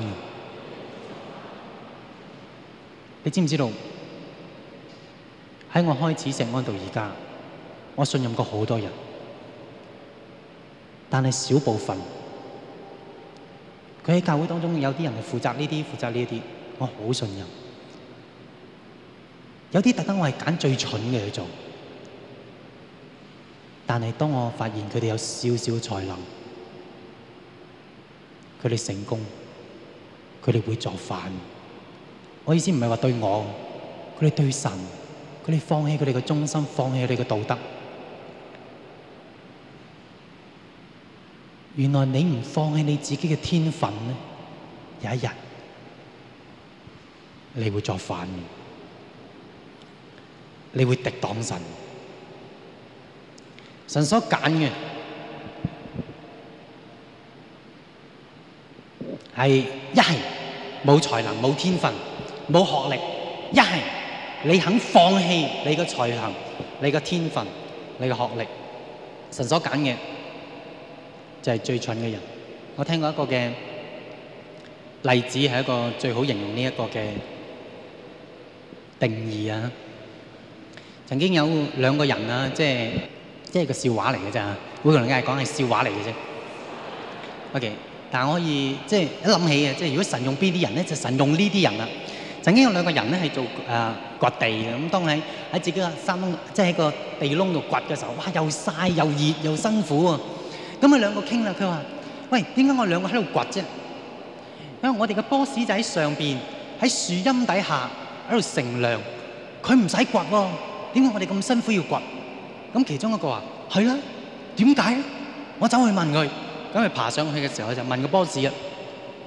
你知唔知道？喺我開始成安到而家，我信任過好多人，但是少部分。佢喺教會當中，有啲人係負責呢啲，負責呢啲，我好信任。有啲特登，我係揀最蠢嘅去做。但係當我發現佢哋有少少才能，佢哋成功，佢哋會造反。我意思唔係話對我，佢哋對神，佢哋放棄佢哋嘅忠心，放棄佢哋嘅道德。原來你唔放棄你自己嘅天分咧，有一日你會作反，你會敵擋神。神所揀嘅係一係冇才能冇天分冇學歷，一係你肯放棄你嘅才能、你嘅天分、你嘅學歷，神所揀嘅。就係、是、最蠢嘅人。我聽過一個嘅例子，係一個最好形容呢一個嘅定義啊。曾經有兩個人啊，即係個笑話嚟嘅啫。會同人家講係笑話嚟嘅啫。OK，但我可以即係一諗起，即係如果神用邊啲人咧，就神用呢啲人啊。曾經有兩個人是係做、呃、掘地嘅，咁當喺喺自己個山窿，即係個地窿度掘嘅時候，哇！又曬、又熱又辛苦啊。咁佢兩個傾啦，佢話：喂，點解我兩個喺度掘啫？因為我哋嘅 boss 仔上邊喺樹蔭底下喺度乘涼，佢唔使掘喎。點解我哋咁辛苦要掘？咁其中一個話：係啦，點解？我走去問佢。咁佢爬上去嘅時候，我就問個 boss 啦。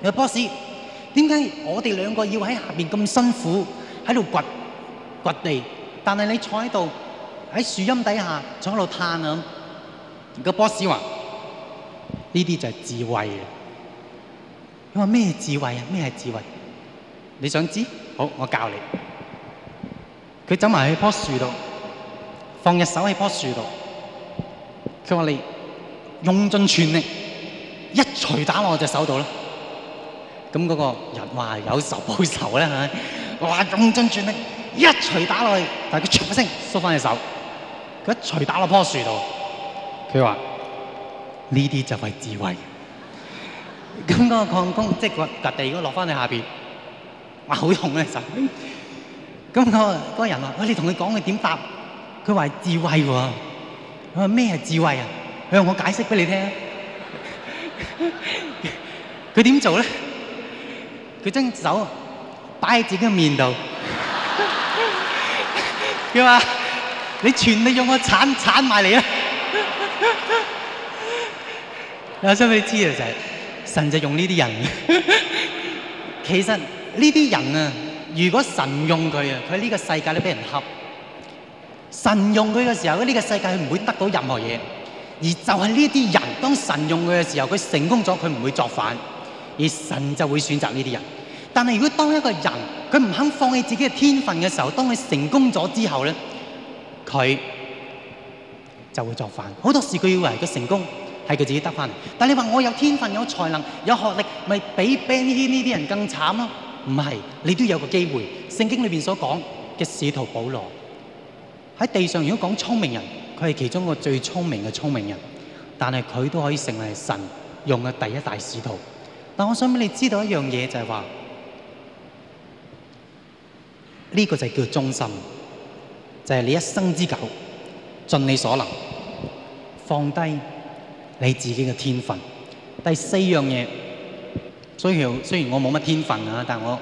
我話：boss，點解我哋兩個要喺下邊咁辛苦喺度掘掘地？但係你坐喺度喺樹蔭底下坐喺度嘆啊？咁個 boss 話。呢啲就係智、智慧。佢話咩智慧啊？咩係智慧？你想知？好，我教你。佢走埋去樖樹度，放隻手喺樖樹度。佢話，你用盡全力一捶打落我隻手度啦。咁嗰個人話有仇報仇咧，係咪？話用盡全力一捶打落去，但係佢唰一聲縮翻隻手，佢一捶打落樖樹度。佢話。呢啲就係智慧。咁個礦工即係掘掘地，如果落翻去下邊，哇好痛咧就。咁個嗰個人話：餵你同佢講佢點答？佢話智慧喎。我話咩係智慧啊？佢話我解釋俾你聽。佢點做咧？佢將手擺喺自己面度，佢話你全力用我鏟鏟埋嚟啊！我想畀你知嘅就係、是、神就用呢啲人。 *laughs* 其實呢啲人啊，如果神用佢啊，佢呢個世界咧俾人恰。神用佢嘅時候咧，呢、這個世界佢唔會得到任何嘢。而就係呢啲人，當神用佢嘅時候，佢成功咗，佢唔會作反。而神就會選擇呢啲人。但係如果當一個人佢唔肯放棄自己嘅天分嘅時候，當佢成功咗之後咧，佢就會作反。好多時佢以為佢成功。係佢自己得翻嚟。但你說，我有天分、有才能、有學歷，咪比 Benny 呢啲人更慘咯？唔係，你都有個機會。聖經裏面所講嘅使徒保羅喺地上，如果講聰明人，佢是其中一個最聰明嘅聰明人，但是佢都可以成為神用嘅第一大使徒。但我想俾你知道一樣嘢，就是說呢個，就叫忠心，就是你一生之久，盡你所能，放低。你自己嘅天分。第四樣嘢，雖然我冇乜天分啊，但係我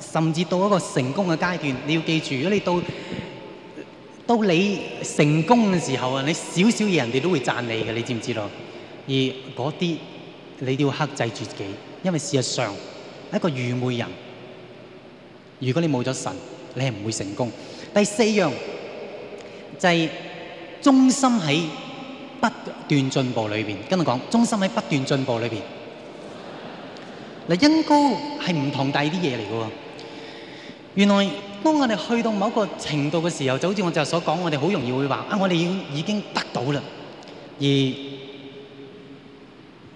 甚至到一個成功嘅階段，你要記住，如果你到到你成功嘅時候啊，你少少嘢人哋都會讚你嘅，你知唔知道，而嗰啲你都要克制住自己，因為事實上一個愚昧人，如果你冇咗神，你係唔會成功。第四樣，就係忠心喺不斷進步裏邊，跟住講，中心喺不斷進步裏邊。嗱，恩膏係唔同第二啲嘢嚟嘅喎。原來當我哋去到某個程度嘅時候，就好似我哋所講，我哋好容易會話啊！我哋已已經得到啦。而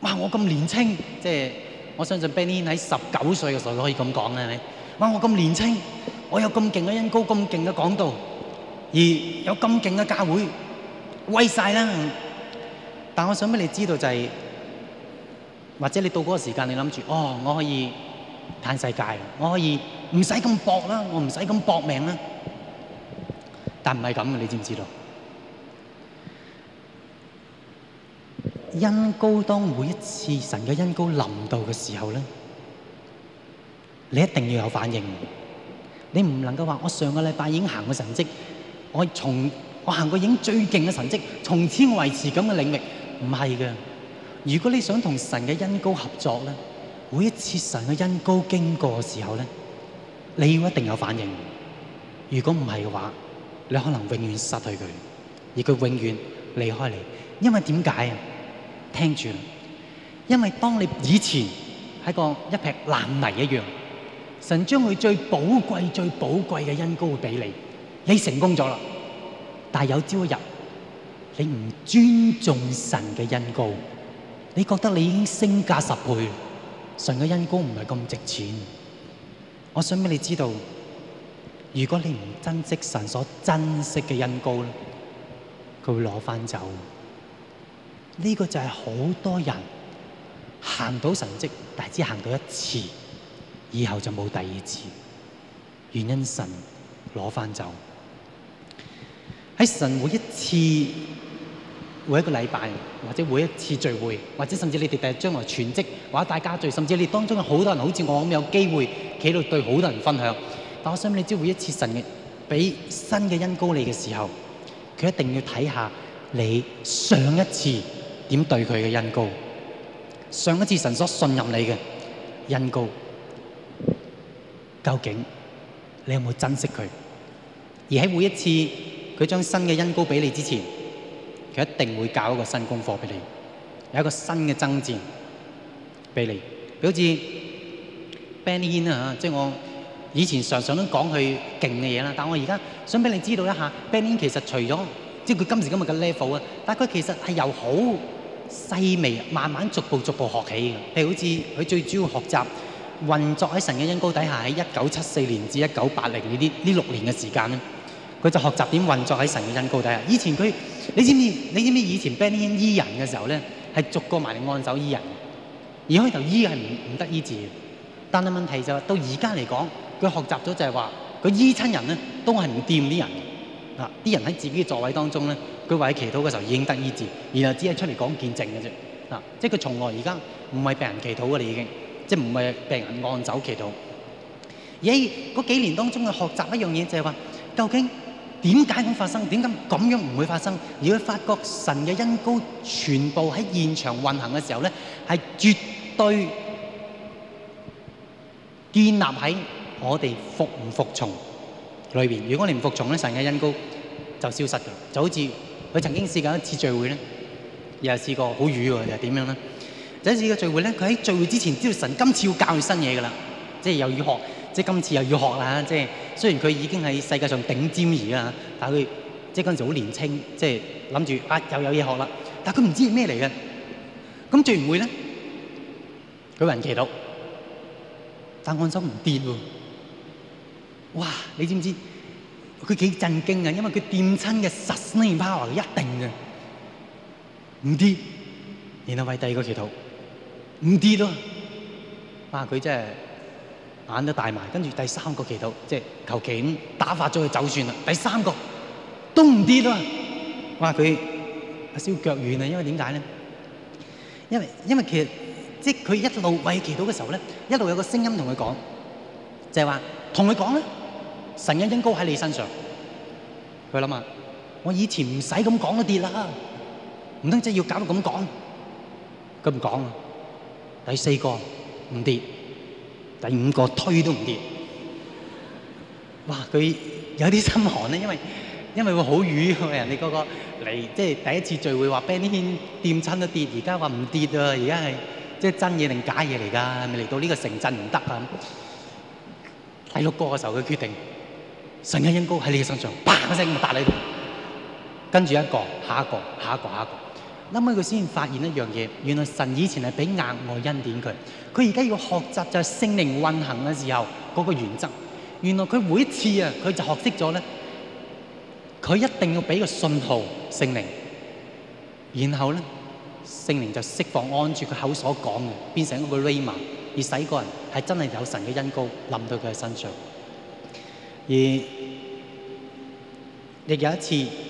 哇，我咁年輕，即係我相信 Benny 喺十九歲嘅時候可以咁講咧。哇，我咁年輕，我有咁勁嘅恩膏，咁勁嘅講道，而有咁勁嘅教會，威曬啦！但我想俾你知道就係，是，或者你到嗰個時間，你諗住哦，我可以嘆世界，我可以唔使咁搏啦，我唔使咁搏命啦。但唔係咁嘅，你知唔知道？恩膏當每一次神嘅恩膏臨到嘅時候，你一定要有反應。你唔能夠話我上個禮拜已經行過神蹟，我從我行過已經最勁嘅神蹟，從此維持咁嘅領域。唔係噶，如果你想同神嘅恩膏合作咧，每一次神嘅恩膏經過嘅時候咧，你要一定有反應。如果唔係嘅話，你可能永遠失去佢，而佢永遠離開你。因為點解啊？聽住，因為當你以前係個一撇爛泥一樣，神將佢最寶貴、最寶貴嘅恩膏俾你，你成功咗啦。但係有朝一日。你唔尊重神嘅恩膏，你覺得你已經升價十倍，神嘅恩膏唔係咁值錢。我想俾你知道，如果你唔珍惜神所珍惜嘅恩膏咧，佢會攞翻走。呢、這個就係好多人行到神蹟，但係只行到一次，以後就冇第二次，原因神攞翻走。喺神每一次。每一個禮拜，或者每一次聚會，或者甚至你哋第日將來全職或者大家聚，甚至你當中有好多人好似我咁有機會企喺度對好多人分享。但我想你知，只要每一次神畀新嘅恩膏你嘅時候，佢一定要睇下你上一次點對佢嘅恩膏，上一次神所信任你嘅恩膏，究竟你有冇有珍惜佢？而喺每一次佢將新嘅恩膏畀你之前，佢一定會教一個新功課俾你，有一個新嘅爭戰俾你。佢好似 Benny 啊嚇，即係我以前常常都講佢勁嘅嘢啦，但我而家想俾你知道一下，Benny 其實除咗即係佢今時今日嘅 level 啊，但係佢其實係由好細微、慢慢逐步逐步學起嘅。譬如好似佢最主要學習運作喺神嘅恩膏底下，喺一九七四年至一九八零呢啲呢六年嘅時間咧，佢就學習點運作喺神嘅恩膏底下。以前佢。你知唔知？你知唔知以前 Benjamin 醫人嘅時候咧，係逐個埋嚟按手醫人。而開頭醫係唔唔得醫治嘅。但係問題就係，到而家嚟講，佢學習咗就係話，佢醫親人咧都係唔掂啲人的。啊，啲人喺自己嘅座位當中咧，佢話喺祈禱嘅時候已經得醫治，然後只係出嚟講見證嘅啫。啊，即係佢從來而家唔係病人祈禱嘅你已經即係唔係病人按手祈禱。而喺嗰幾年當中嘅學習的一樣嘢就係話，究竟？點解咁發生？點解咁樣唔會發生？如果發覺神嘅恩膏全部喺現場運行嘅時候咧，係絕對建立喺我哋服唔服從裏邊。如果你唔服從咧，神嘅恩膏就消失嘅。就好似佢曾經試過一次聚會咧，又試過好魚喎，又點樣咧？有一次嘅聚會咧，佢喺聚會之前知道神今次要教佢新嘢噶啦，即係又要學，即係今次又要學啦嚇，即係。雖然佢已經喺世界上頂尖，而啊，但係佢即係嗰陣時好年輕，即係諗住啊又有嘢學啦，但係佢唔知係咩嚟嘅。咁最唔會呢，佢還祈禱，但係按手唔跌喎。哇！你知唔知？佢幾震驚啊！因為佢掂親嘅十呢炮一定嘅唔跌，然後為第二個祈禱唔跌咯。哇！佢真係～眼都大埋，跟住第三個祈禱，即係求其咁打發咗佢走算啦。第三個都唔跌啦，我話佢係燒腳軟啊，因為點解咧？因為因為其實即係佢一路為祈禱嘅時候咧，一路有個聲音同佢講，就係話同佢講咧，神嘅恩膏喺你身上。佢諗下，我以前唔使咁講都跌啦，唔通真係要搞到咁講？佢唔講啊，第四個唔跌。第五個推都唔跌，哇！佢有啲心寒咧，因為因為會好瘀，人哋個個嚟，即係第一次聚會話畀呢邊掂親都跌，而家話唔跌啊！而家係即係真嘢定假嘢嚟㗎？係咪？嚟到呢個城鎮唔得啊！第六個嘅時候，佢決定神嘅恩膏喺你嘅身上，啪嘅聲打你度，跟住一個，下一個，下一個，下一個。諗佢先發現一樣嘢，原來神以前係俾額外恩典佢，佢而家要學習就係聖靈運行嘅時候嗰個原則。原來佢每一次啊，佢就學識咗咧，佢一定要俾個信號聖靈然後咧聖靈就釋放按住佢口所講嘅，變成一個 Rhema，而使個人係真係有神嘅恩膏臨到佢嘅身上。而亦有一次。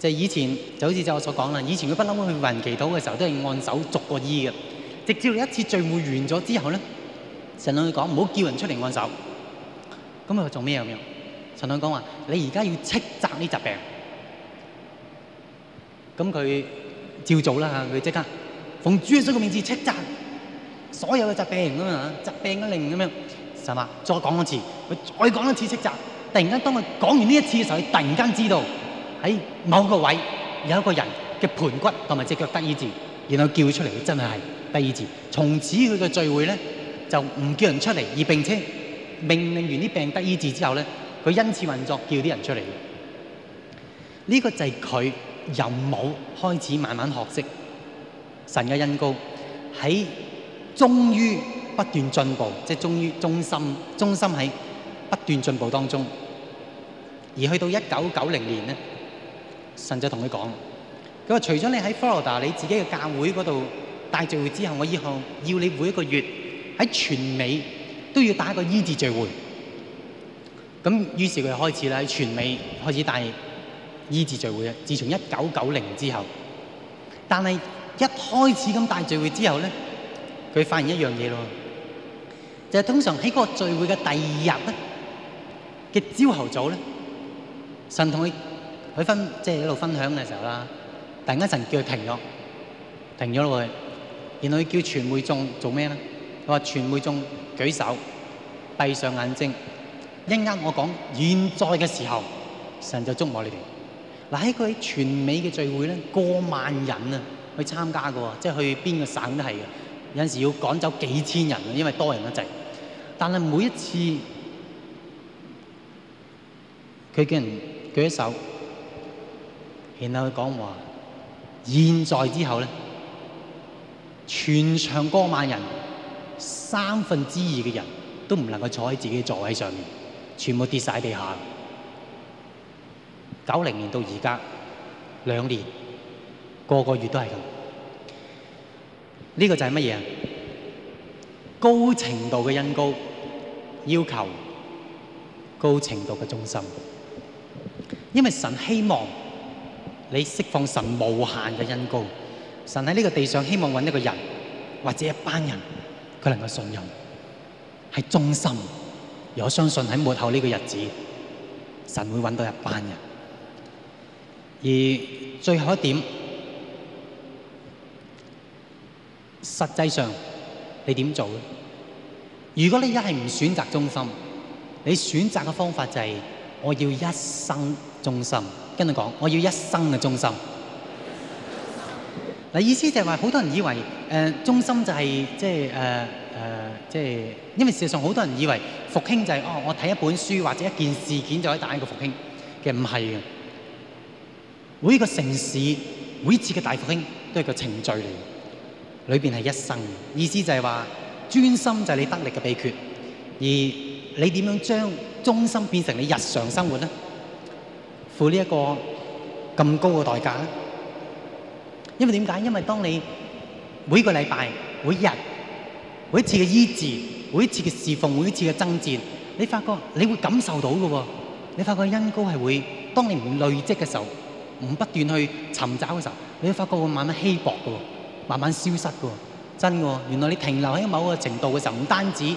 就係以前，就好似就我所講啦。以前佢不嬲去為人祈禱嘅時候，都係按手逐個醫嘅。直至一次聚會完咗之後咧，神佢講：唔好叫人出嚟按手。咁佢做咩咁樣？神長講話：你而家要斥責呢疾病。咁佢照做啦嚇，佢即刻奉主耶穌嘅名字斥責所有嘅疾病咁啊，疾病嘅靈咁樣，係嘛？再講一次，佢再講一次斥責。突然間，當佢講完呢一次嘅時候，佢突然間知道。喺某個位有一個人嘅盤骨同埋隻腳得醫治，然後叫出嚟，真係係得醫治，從此佢嘅聚會呢就唔叫人出嚟，而並且命令完啲病得醫治之後呢，佢因此運作叫啲人出嚟。呢、這個就係佢由冇開始慢慢學識神嘅恩膏喺忠於不斷進步，即係忠於忠心忠心喺不斷進步當中，而去到一九九零年呢神就同佢講：佢話除咗你喺 Florida 你自己嘅教會嗰度帶聚會之後，我以後要你每一個月喺全美都要打一個醫治聚會。咁於是佢開始啦，喺全美開始帶醫治聚會啦。自從一九九零之後，但係一開始咁帶聚會之後咧，佢發現一樣嘢咯，就係、是、通常喺嗰個聚會嘅第二日咧嘅朝頭早咧，神同佢。喺、就是、在喺度分享嘅時候啦，突然間神叫佢停咗，停咗落去。然後佢叫全會眾做咩咧？佢話全會眾舉手，閉上眼睛，一啱我講現在嘅時候，神就祝我你哋。嗱喺佢全美嘅聚會咧，過萬人啊去參加嘅喎，即係去邊個省都係嘅。有陣時要趕走幾千人，因為多人得滯。但係每一次佢叫人舉手。然後佢講話：現在之後呢，全場過萬人，三分之二嘅人都唔能夠坐喺自己嘅座位上面，全部跌晒地下。九零年到而家兩年，個個月都係咁樣。呢個就係乜嘢？高程度嘅恩膏，要求高程度嘅忠心。因為神希望。你釋放神無限嘅恩膏，神喺呢個地上希望搵一個人或者一班人，佢能夠信任，係忠心。而我相信喺末後呢個日子，神會搵到一班人。而最後一點，實際上你點做？如果你一係係唔選擇忠心，你選擇嘅方法就係、是、我要一生忠心。跟你講，我要一生嘅忠心。嗱，意思就係話，好多人以為誒忠、呃、心就係即係誒誒，即、呃、係、呃就是、因為事實上好多人以為復興就係、是、哦，我睇一本書或者一件事件就可以打一個復興，其實唔係嘅。每一個城市，每一次嘅大復興都係個程序嚟，裏邊係一生。意思就係話，專心就係你得力嘅秘訣，而你點樣將忠心變成你日常生活咧？付呢一個咁高嘅代價咧，因為點解？因為當你每個禮拜、每日、每一次嘅醫治、每一次嘅侍奉、每一次嘅爭戰，你發覺你會感受到㗎喎，你發覺恩膏係會，當你唔累積嘅時候，唔不斷去尋找嘅時候，你發覺會慢慢稀薄㗎喎，慢慢消失㗎喎，真嘅喎，原來你停留喺某個程度嘅時候，唔單止。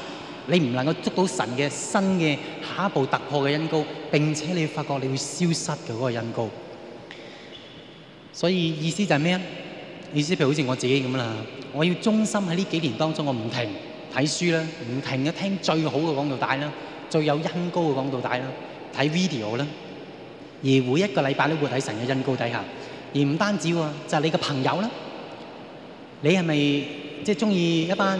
你唔能夠捉到神嘅新嘅下一步突破嘅恩膏，並且你會發覺你會消失嘅嗰、那個恩膏。所以意思就係咩意思，譬如好似我自己咁啦，我要忠心喺呢幾年當中，我唔停睇書啦，唔停聽最好嘅講道帶啦，最有恩膏嘅講道帶啦，睇 video 啦，而每一個禮拜都會喺神嘅恩膏底下。而唔單止喎，就係你嘅朋友啦，你係咪即鍾意一班？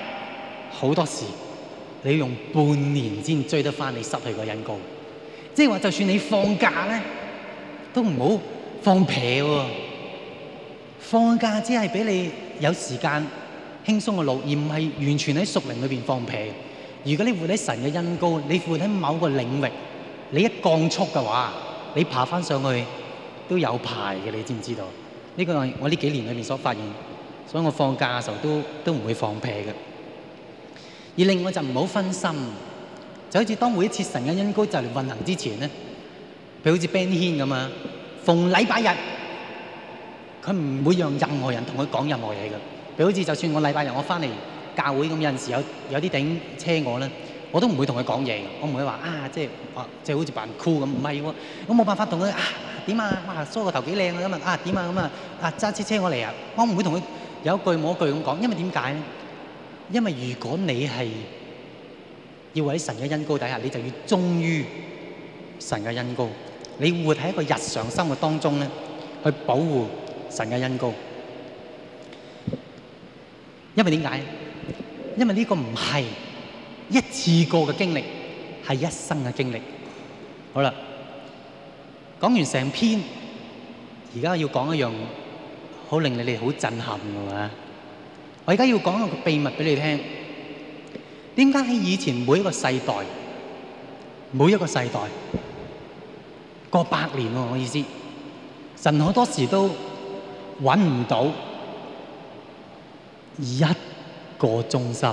好多時你要用半年先追得翻你失去個恩膏，即係話就算你放假咧，都唔好放屁喎。放假只係俾你有時間輕鬆嘅路，而唔係完全喺熟齡裏面放屁。如果你活喺神嘅恩膏，你活喺某個領域，你一降速嘅話，你爬翻上去都有排嘅，你知唔知道？呢個係我呢幾年裏面所發現，所以我放假嘅時候都都唔會放屁嘅。而另外就唔好分心，就好似當每一次神嘅恩膏就嚟運行之前咧，譬如好似 Ben 軒咁啊，逢禮拜日佢唔會讓任何人同佢講任何嘢嘅。譬如好似就算我禮拜日我翻嚟教會咁有陣時有有啲頂車我咧，我都唔會同佢講嘢，我唔會話啊，即係、啊、即係好似扮酷咁，唔係喎，我冇辦法同佢啊，點啊，梳個頭幾靚啊咁啊，啊點啊咁啊，啊揸、啊啊啊、車車我嚟啊，我唔會同佢有一句冇一句咁講，因為點解咧？因為如果你係要喺神嘅恩膏底下，你就要忠於神嘅恩膏。你活喺一個日常生活當中呢，去保護神嘅恩膏。因為點解？因為呢個唔係一次過嘅經歷，係一生嘅經歷。好啦，講完成篇，而家要講一樣好令你哋好震撼嘅話。我而家要講一個秘密畀你聽，點解喺以前每一個世代，每一個世代過百年喎，我意思，神好多時候都揾唔到一個忠心。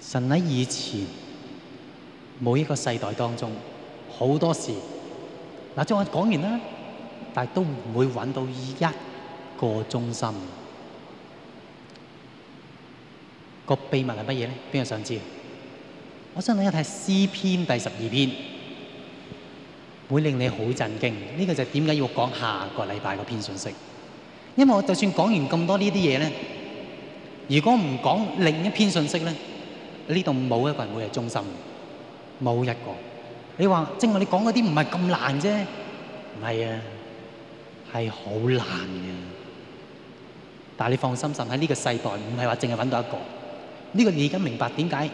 神喺以前每一個世代當中，好多時候。嗱，就我講完啦，但係都唔會揾到一個忠心。個秘密係乜嘢咧？邊個想知？我先睇一睇詩篇第十二篇，會令你好震驚。呢個就點解要講下個禮拜嗰篇信息？因為我就算講完咁多呢啲嘢咧，如果唔講另一篇信息咧，呢度冇一個人會係忠心嘅，冇一個。你話正話你講嗰啲唔係咁難啫，唔係啊，係好難嘅。但你放心，神喺呢個世代唔係話淨係揾到一個。呢、這個你而家明白點解？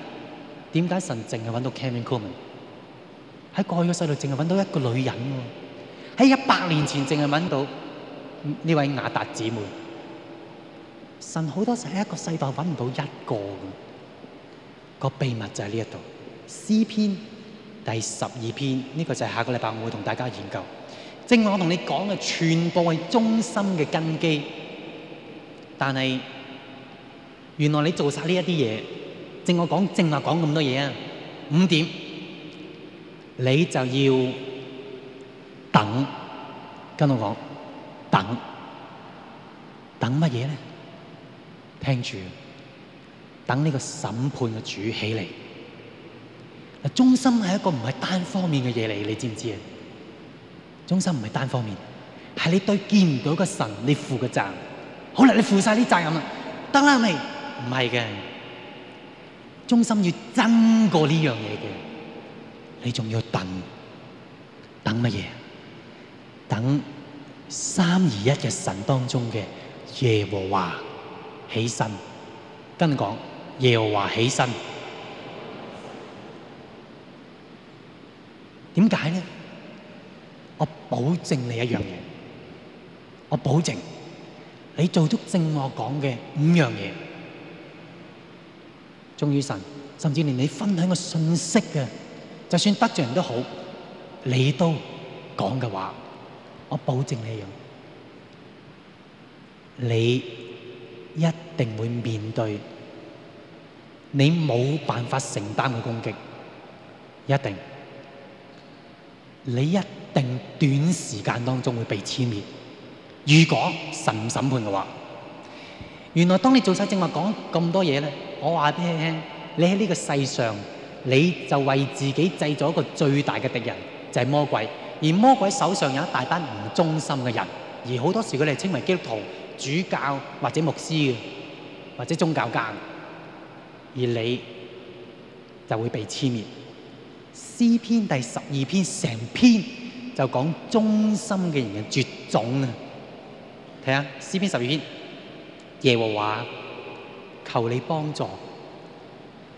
點解神淨係揾到 Cain and Coombe？喺過去嘅世代淨係揾到一個女人喎。喺一百年前淨係揾到呢位雅達姐妹。神好多時喺一個世代揾唔到一個嘅。那個秘密就喺呢度詩篇。第十二篇，呢、這個就係下個禮拜我會同大家研究。正話我同你講嘅全部係中心嘅根基，但是原來你做晒呢一啲嘢，正話講正話講咁多嘢啊，五點你就要等，跟我講等，等乜嘢咧？聽住，等呢個審判嘅主起嚟。忠心係一個唔係單方面嘅嘢嚟，你知唔知啊？忠心唔係單方面，係你對見唔到嘅神你負嘅責任。好啦，你付了你負晒啲責任啦，得啦未？唔係嘅，忠心要爭過呢樣嘢嘅，你仲要等，等乜嘢？等三而一嘅神當中嘅耶和華起身，跟你講耶和華起身。點解咧？我保證你一樣嘢，我保證你做足正我講嘅五樣嘢，忠於神，甚至連你分享個信息嘅，就算得罪人都好，你都講嘅話，我保證你一樣，你一定會面對你冇辦法承擔嘅攻擊，一定。你一定短時間當中會被殲滅。如果神審判嘅話，原來當你做曬正話講咁多嘢咧，我話俾你聽，你喺呢個世上，你就為自己製咗一個最大嘅敵人，就係、是、魔鬼。而魔鬼手上有一大班唔忠心嘅人，而好多時佢哋稱為基督徒、主教或者牧師嘅，或者宗教家，而你就會被殲滅。詩篇第十二篇成篇就講忠心嘅人嘅絕種啊！睇下詩篇十二篇，耶和華求你幫助，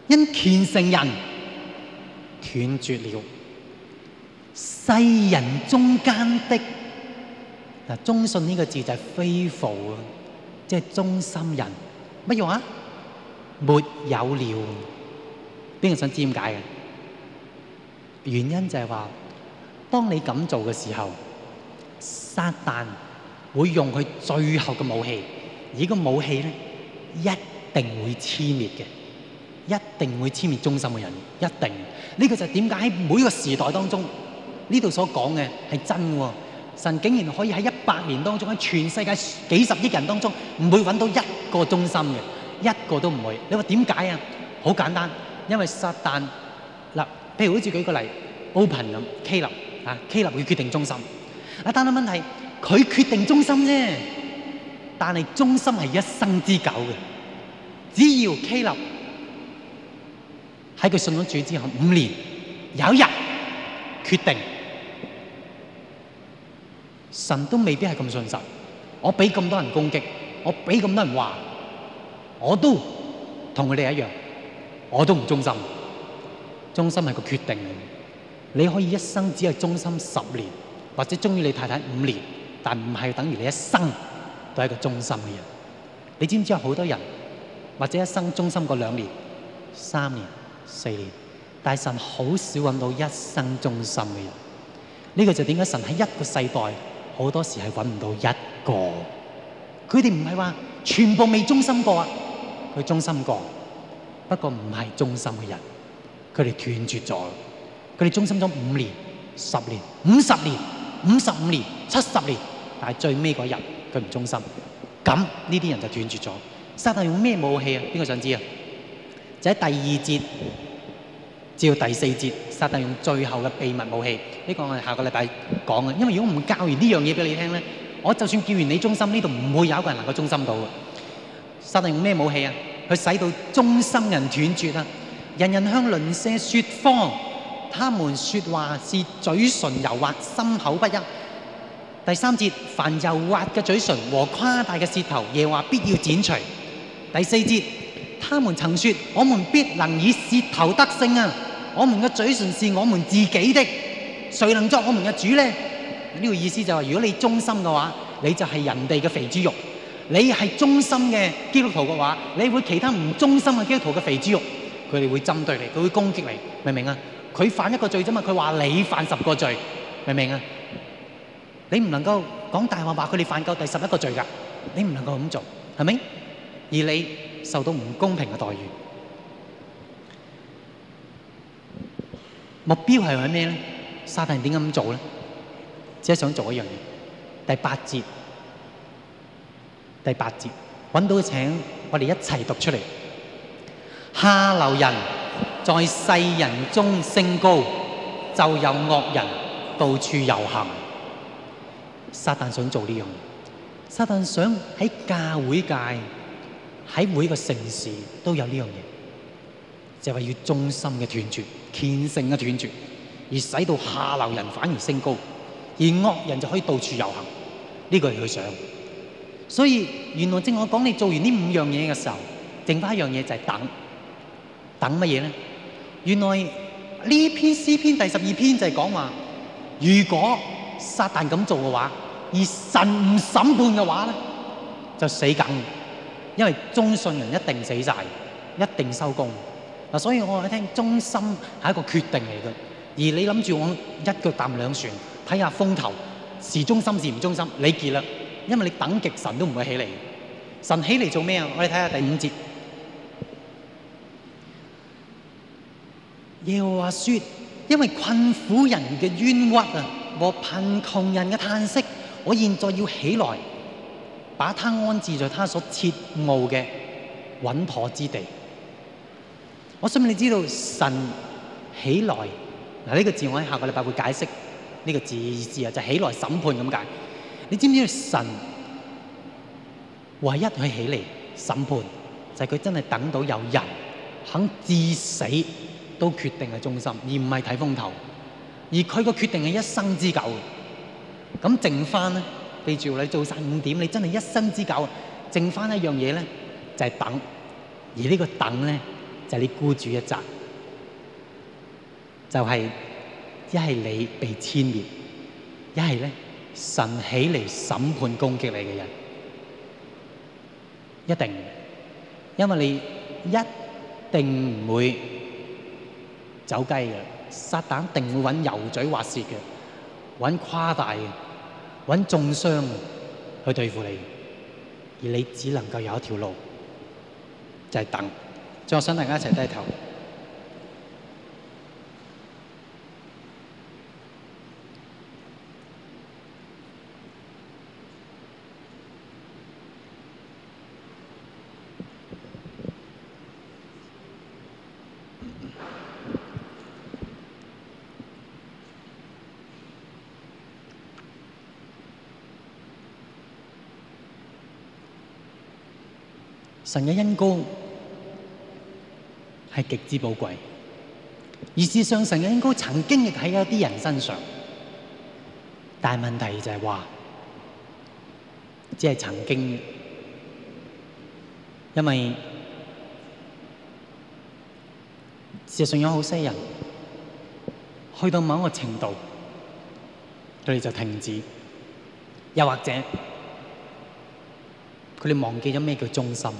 因虔誠人斷絕了世人中間的嗱，忠信呢個字就係 faithful」，啊，即係忠心人，乜用啊沒有了？邊個想知點解嘅？原因就係話，當你咁做嘅時候，撒旦會用佢最後嘅武器，而呢個武器咧，一定會黐滅嘅，一定會黐滅忠心嘅人，一定。呢、呢個就係點解喺每個時代當中，呢度所講嘅係真喎。神竟然可以喺一百年當中，喺全世界幾十億人當中，唔會揾到一個忠心嘅，一個都唔會。你話點解啊？好簡單，因為撒旦。譬如好似舉個例，open 咁迦勒啊，迦勒會決定忠心。啊，但係問題，佢決定忠心啫。但係忠心係一生之久嘅。只要迦勒喺佢信咗主之後五年，有一日決定，神都未必係咁信實。我俾咁多人攻擊，我俾咁多人話，我都同佢哋一樣，我都唔忠心。忠心係個決定，你可以一生只係忠心十年，或者中意你太太五年，但唔係等於你一生都係個忠心嘅人。你知唔知有好多人或者一生忠心過兩年、三年、四年，但神好少揾到一生忠心嘅人。呢個就點解神喺一個世代好多時係揾唔到一個？佢哋唔係話全部未忠心過啊，佢忠心過，不過唔係忠心嘅人。佢哋斷絕咗，佢哋忠心咗五年、十年、五十年、五十五年、七十年，但係最尾嗰日佢唔忠心，咁呢啲人就斷絕咗。撒但用咩武器啊？邊個想知啊？就喺第二節，至到第四節，撒但用最後嘅秘密武器，呢、呢個我哋下個禮拜講啊。因為如果唔教完呢樣嘢俾你聽咧，我就算叫完你忠心，呢度唔會有一個人能夠忠心到啊。撒但用咩武器啊？佢使到忠心人斷絕啊！人人向鄰舍説謊，他們說話是嘴唇油滑，心口不一。第三節，凡油滑嘅嘴唇和誇大嘅舌頭，耶和華必要剪除。第四節，他們曾說：我們必能以舌頭得勝啊！我們嘅嘴唇是我們自己的，誰能作我們嘅主呢？呢、這個意思就係、是：如果你忠心嘅話，你就係人哋嘅肥豬肉；你係忠心嘅基督徒嘅話，你會其他唔忠心嘅基督徒嘅肥豬肉。佢哋會針對你，佢會攻擊你，明唔明啊？佢犯一個罪啫嘛，佢話你犯十個罪，明唔明啊？你唔能夠講大話，話佢哋犯夠第十一個罪㗎，你唔能夠咁做，係咪？而你受到唔公平嘅待遇，目標係為咩呢？撒但點解咁做呢？只係想做一樣嘢，第八節，第八節，搵到請我哋一齊讀出嚟。下流人在世人中升高，就有惡人到處遊行。撒旦想做呢樣嘢，撒旦想喺教會界，喺每個城市都有呢樣嘢，就係要忠心嘅斷絕，虔誠嘅斷絕，而使到下流人反而升高，而惡人就可以到處遊行。呢個係佢想。所以原來正我講你做完呢五樣嘢嘅時候，剩翻一樣嘢就係等。等乜嘢咧？原來呢篇詩篇第十二篇就係講話，如果撒旦咁做嘅話，而神唔審判嘅話咧，就死梗，因為忠信人一定死晒，一定收工。嗱，所以我話你聽，忠心係一個決定嚟嘅，而你諗住我一腳踏兩船，睇下風頭，是忠心是唔忠心，你結啦，因為你等極神都唔會起嚟。神起嚟做咩啊？我哋睇下第五節。耶和華說：因為困苦人嘅冤屈啊，和貧窮人嘅嘆息，我現在要起來，把他安置在他所切傲嘅穩妥之地。我相信你知道神起來，嗱、這、呢個字我喺下個禮拜會解釋呢個字意思啊，就是、起來審判咁解。你知唔知道神唯一去起嚟審判，就係、是、佢真係等到有人肯致死。都決定係忠心，而唔係睇風頭。而佢個決定係一生之久。咁剩翻咧，記住啦，你做曬五點，你真係一生之久。剩翻一樣嘢咧，就係等。而呢個等咧，就係你孤注一擲，就係一係你被殲滅，一係咧神起嚟審判攻擊你嘅人，一定，因為你一定唔會。走雞嘅，撒旦定會揾油嘴滑舌嘅，揾誇大嘅，揾中傷去對付你，而你只能夠有一條路，就係、是、等。再想大家一齊低頭。神嘅恩膏係極之寶貴，而事實上神嘅恩膏曾經亦喺一啲人身上，但問題就係話，只係曾經，因為事實上有好些人去到某一個程度，佢哋就停止，又或者佢哋忘記咗咩叫忠心。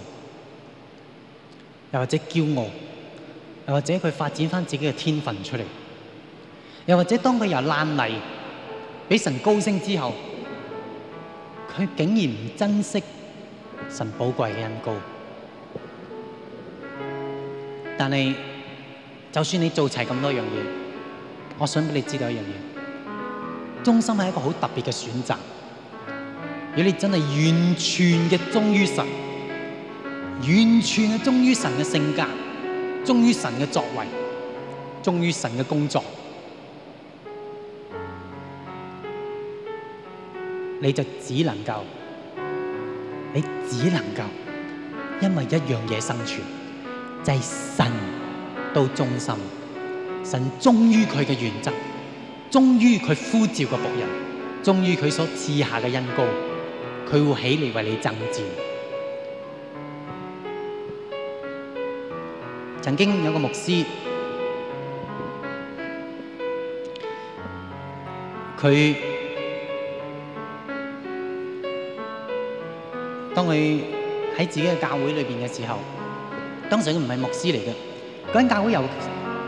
又或者驕傲，又或者佢發展翻自己嘅天分出嚟，又或者當佢由爛泥俾神高升之後，佢竟然唔珍惜神寶貴嘅恩膏。但係，就算你做齊咁多樣嘢，我想俾你知道一樣嘢：忠心係一個好特別嘅選擇。如果你真係完全嘅忠於神。完全係忠於神嘅性格，忠於神嘅作為，忠於神嘅工作，你就只能夠，你只能夠，因為一樣嘢生存，就係神都忠心，神忠於佢嘅原則，忠於佢呼召嘅僕人，忠於佢所賜下嘅恩膏。佢會起嚟為你爭戰。曾經有個牧師，佢當佢喺自己嘅教會裏邊嘅時候，當時佢唔係牧師嚟嘅，嗰間教會由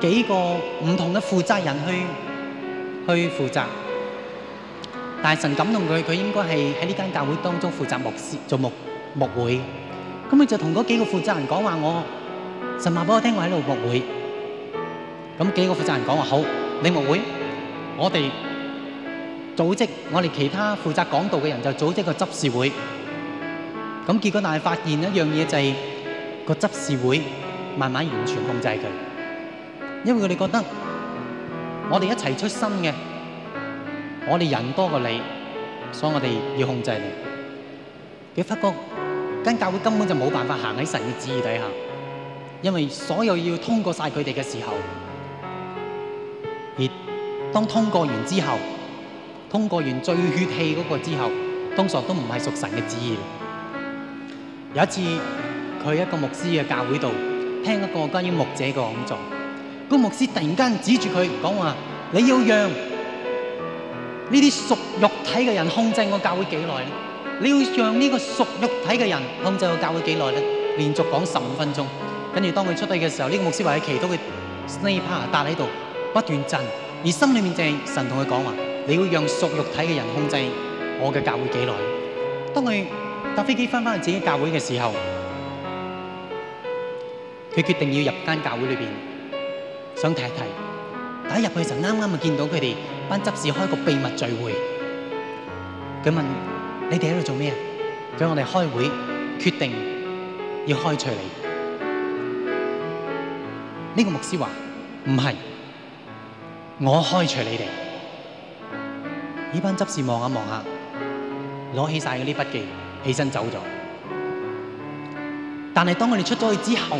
幾個唔同嘅負責人去去負責。但係神感動佢，佢應該係喺呢間教會當中負責牧師做牧牧會。咁佢就同嗰幾個負責人講話我。神話俾我聽，我喺度擘會，咁幾個負責人講話好，你擘會，我哋組織，我哋其他負責講道嘅人就組織個執事會，咁結果但係發現一樣嘢就係個執事會慢慢完全控制佢，因為佢哋覺得我哋一齊出身嘅，我哋人多過你，所以我哋要控制你，佢發覺間教會根本就冇辦法行喺神嘅旨意底下。因為所有要通過晒佢哋嘅時候，而當通過完之後，通過完最血氣嗰個之後，通常都唔係屬神嘅旨意。有一次，佢喺一個牧師嘅教會度聽一個關於牧者嘅講座，個牧師突然間指住佢講話：你要讓呢啲屬肉體嘅人控制我教會幾耐咧？你要讓呢個屬肉體嘅人控制我教會幾耐咧？連續講十五分鐘。跟住當佢出去嘅時候，呢個牧師話：佢祈禱嘅雷帕搭喺度不斷震，而心裏面正係神同佢講話：你會讓屬肉體嘅人控制我嘅教會幾耐？當佢搭飛機翻翻去自己的教會嘅時候，佢決定要入間教會裏邊想睇一睇。但一入去就啱啱就見到佢哋班執事開個秘密聚會。佢問：你哋喺度做咩？佢話：我哋開會決定要開除你。呢、這個牧師話：唔係，我開除你哋。呢班執事望下望下，攞起晒嘅呢筆記，起身走咗。但係當我哋出咗去之後，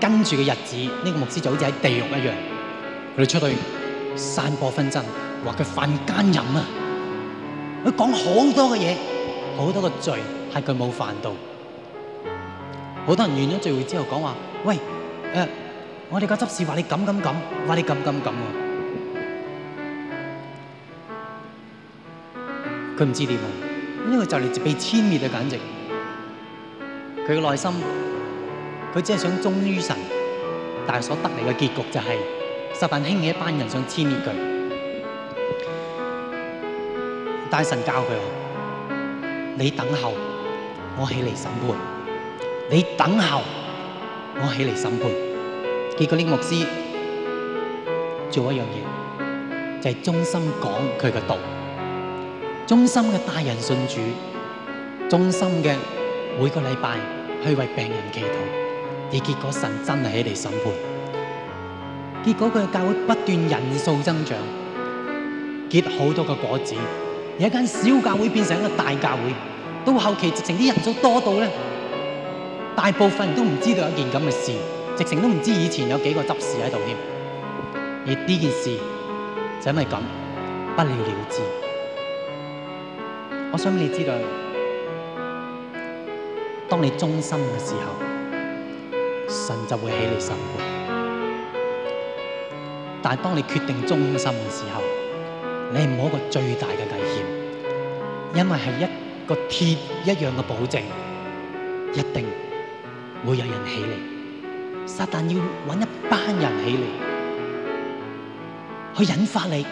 跟住嘅日子，呢、這個牧師就好似喺地獄一樣。佢哋出去散播紛爭，話佢犯奸淫啊！佢講好多嘅嘢，好多嘅罪係佢冇犯到。好多人完咗聚會之後講話：，喂，誒、呃。我哋個執事話你咁咁咁，話你咁咁咁，佢唔知點啊，因為就嚟被殲滅嘅簡直。佢嘅內心，佢只係想忠於神，但係所得嚟嘅結局就係、是、十萬輕嘅一班人想殲滅佢。但係神教佢，：，你等候，我起嚟審判；，你等候，我起嚟審判。結果呢個牧師做一樣嘢，就係、是、忠心講佢嘅道，忠心嘅帶人信主，忠心嘅每個禮拜去為病人祈禱。而結果神真係喺度審判，結果佢嘅教會不斷人數增長，結好多個果子，有一間小教會變成一個大教會，到後期直情啲人數多到咧，大部分人都唔知道有一件咁嘅事。直情都唔知以前有幾個執事喺度添，而呢件事就因為咁不了了之。我想你知道，當你忠心嘅時候，神就會喺你身邊；但係當你決定忠心嘅時候，你係冇一個最大嘅危險，因為係一個鐵一樣嘅保證，一定會有人起你。撒旦要揾一班人起嚟，去引發你，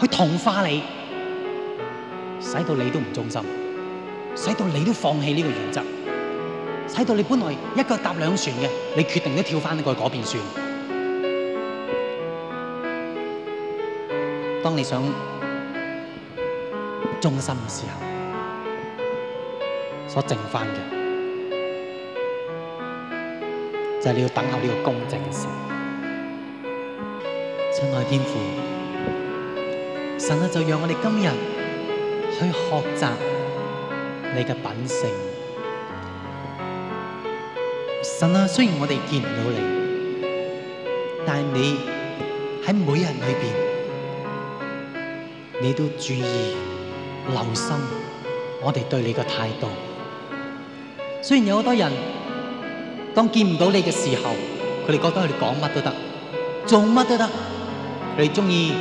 去同化你，使到你都唔忠心，使到你都放棄呢個原則，使到你本來一腳踏兩船嘅，你決定都跳翻去嗰邊算。當你想忠心嘅時候，所剩翻嘅。但係你要等候呢個公正嘅時候。親愛的天父，神啊，就讓我哋今日去學習你嘅品性。神啊，雖然我哋見唔到你，但係你喺每日裏邊，你都注意留心我哋對你嘅態度。雖然有好多人。當見唔到你嘅時候，佢哋覺得佢哋講乜都得，做乜都得，佢哋中意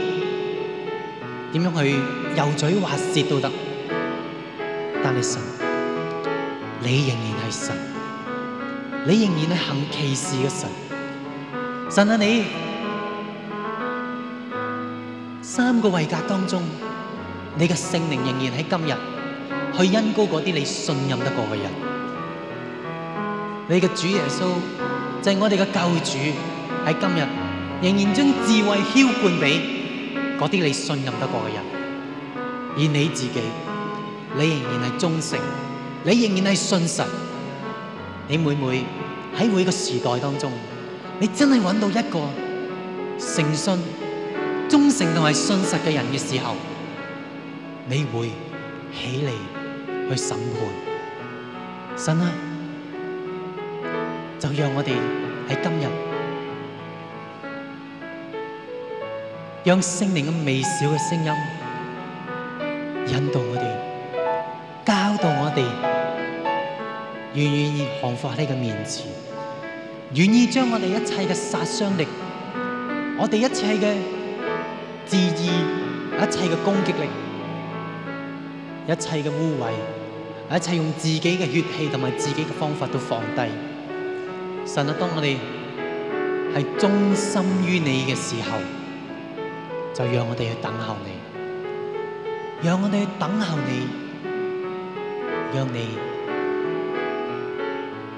點樣去油嘴滑舌都得。但係神，你仍然係神，你仍然係行奇事嘅神。神啊你，你三個位格當中，你嘅聖靈仍然喺今日去恩膏嗰啲你信任得過嘅人。你嘅主耶穌就係、是、我哋嘅救主，喺今日仍然將智慧澆灌俾嗰啲你信任得過嘅人，而你自己，你仍然係忠誠，你仍然係信實。你每每喺每個時代當中，你真係揾到一個誠信、忠誠同埋信實嘅人嘅時候，你會起嚟去審判。神啊！就讓我哋喺今日，讓聖靈嘅微小嘅聲音引導我哋，教導我哋願願意降服喺你嘅面前，願意將我哋一切嘅殺傷力，我哋一切嘅質疑，一切嘅攻擊力，一切嘅污穢，一切用自己嘅血氣同埋自己嘅方法都放低。神啊，當我哋係忠心於你嘅時候，就讓我哋去等候你，讓我哋去等候你，讓你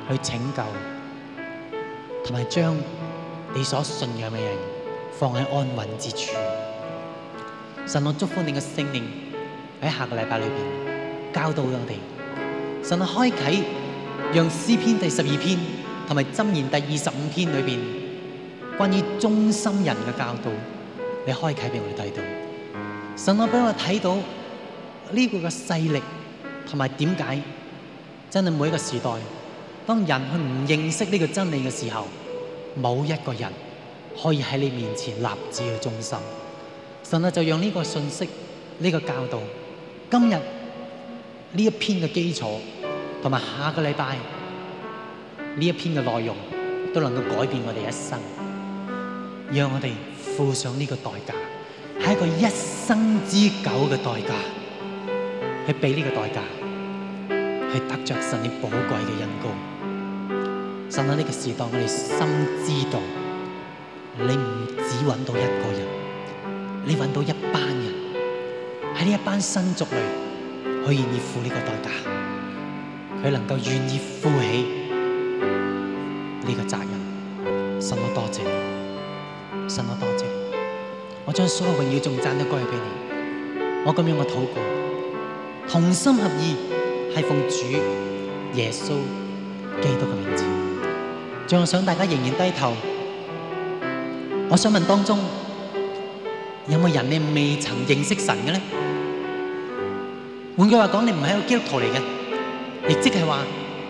去拯救，同埋將你所信仰嘅人放喺安穩之處。神啊，祝福你嘅聖靈喺下個禮拜裏面教導我哋。神啊，開啟，讓詩篇第十二篇。同埋《箴言》第二十五篇裏邊關於中心人嘅教導，你可以啟俾我哋睇到。神啊，俾我睇到呢個嘅勢力同埋點解真係每一個時代，當人佢唔認識呢個真理嘅時候，冇一個人可以喺你面前立志去忠心。神啊，就讓呢個信息、呢、這個教導，今日呢一篇嘅基礎，同埋下個禮拜。呢一篇嘅內容都能夠改變我哋一生，讓我哋付上呢個代價，係一個一生之久嘅代價，去俾呢個代價，去得着神啲寶貴嘅恩膏。神喺呢個時代，我哋深知道，你唔止揾到一個人，你揾到一班人，喺呢一班新族裏，願意付呢個代價，佢能夠願意付起。呢、這個責任，神我多謝，神我多謝，我將所有榮耀仲讚都歸去俾你，我咁樣我禱告，同心合意係奉主耶穌基督嘅名字。仲想大家仍然低頭，我想問當中有冇人你未曾認識神嘅呢？換句話講，你唔係一個基督徒嚟嘅，亦即係話，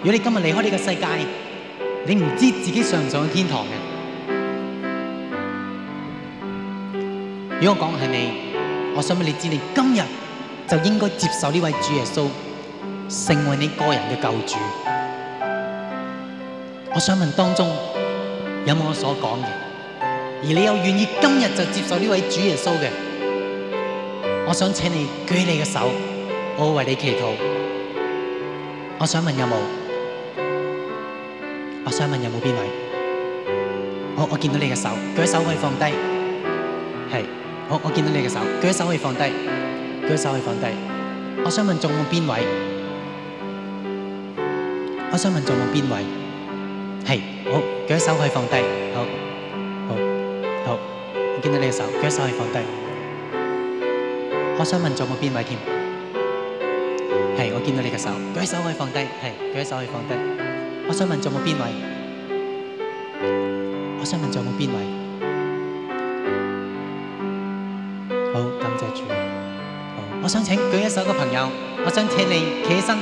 如果你今日離開呢個世界。你唔知道自己上唔上的天堂嘅？如果我講嘅係你，我想問你知，你今日就應該接受呢位主耶穌，成為你個人嘅救主。我想問當中有冇我所講嘅？而你又願意今日就接受呢位主耶穌嘅？我想請你舉起你嘅手，我會為你祈禱。我想問有冇？我想問有冇邊位？好，我見到你嘅手，舉手可以放低。係，好，我見到你嘅手，舉手可以放低，舉手可以放低。我想問仲有冇邊位？我想問仲有冇邊位？係，好，舉手可以放低。好，好，好，我見到你嘅手，舉手可以放低。我想問仲有冇邊位添？係，我見到你嘅手，舉手可以放低。係，舉手可以放低。我想問仲有冇邊位？我想問仲有冇邊位？好，感謝主。我想請舉一手嘅朋友，我想請你企起身，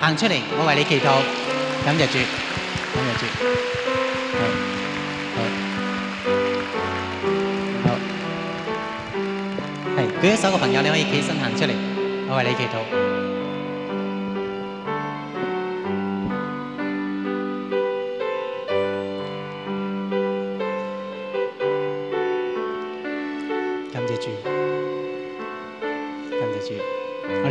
行出嚟，我為你祈禱。感謝主，感謝主。好，係舉一手嘅朋友，你可以企身行出嚟，我為你祈禱。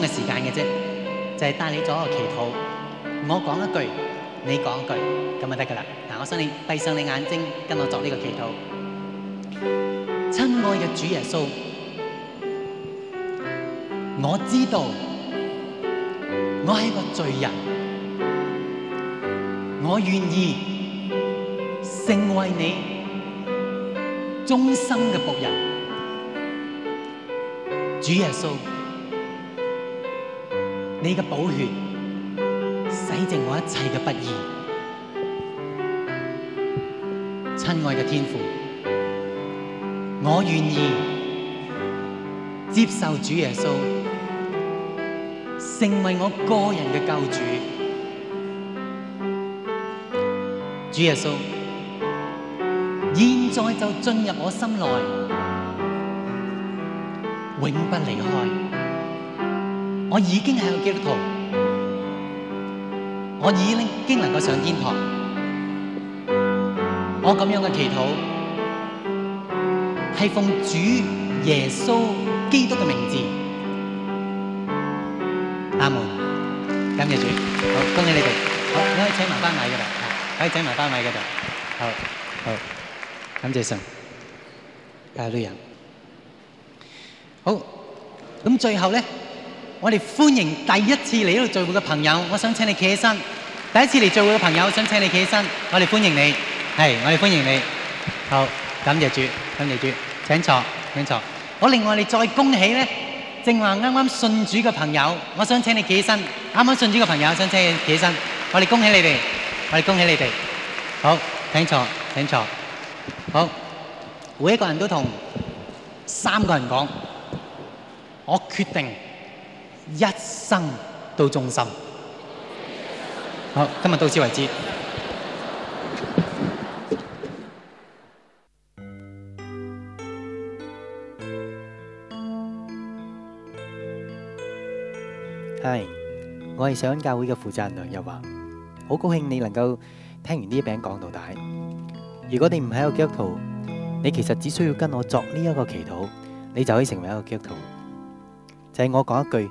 嘅時間嘅啫，就係帶你做一個祈禱。我講一句，你講一句，咁咪得㗎喇。嗱，我希望想你閉上你眼睛，跟我做呢個祈禱。親愛嘅主耶穌，我知道我係個罪人，我願意成為你終生嘅僕人。主耶穌。你嘅寶血洗淨我一切嘅不義。親愛嘅天父，我願意接受主耶穌成為我個人嘅救主。主耶穌，現在就進入我心內，永不離開。我已經係個基督徒，我已經能夠上天堂。我咁樣嘅祈禱係奉主耶穌基督嘅名字，阿門。感謝主，好恭喜你哋。好，你可以請埋班位㗎喇，可以請埋班位㗎喇。好，好，感謝神。阿瑞仁，好，咁最後咧。我哋歡迎第一次嚟呢度聚會嘅朋友，我想請你企起身。第一次嚟聚會嘅朋友，想請你企起身。我哋歡迎你，係我哋歡迎你。好，感謝主，感謝主。請坐，請坐。我另外哋再恭喜咧，正話啱啱信主嘅朋友，我想請你企起身。啱啱信主嘅朋友，想請你企起身。我哋恭喜你哋，我哋恭喜你哋。好，請坐，請坐。好，每一個人都同三個人講，我決定。一生都忠心。好，今日到此為止。係，我係上恩教會嘅負責人梁日華。好高興你能夠聽完呢篇講到底。如果你唔係一個基督徒，你其實只需要跟我作呢一個祈禱，你就可以成為一個基督徒。就係我講一句。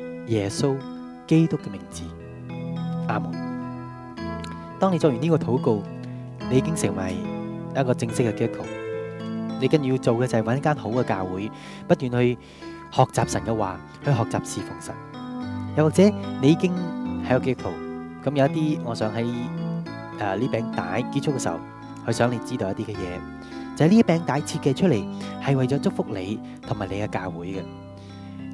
耶穌基督嘅名字，阿門。當你做完呢個禱告，你已經成為一個正式嘅基督徒。你跟住要做嘅就係揾一間好嘅教會，不斷去學習神嘅話，去學習侍奉神。又或者你已經喺個教會，咁有一啲，我想喺誒呢餅帶結束嘅時候，佢想你知道一啲嘅嘢，就係呢一餅帶設計出嚟係為咗祝福你同埋你嘅教會嘅。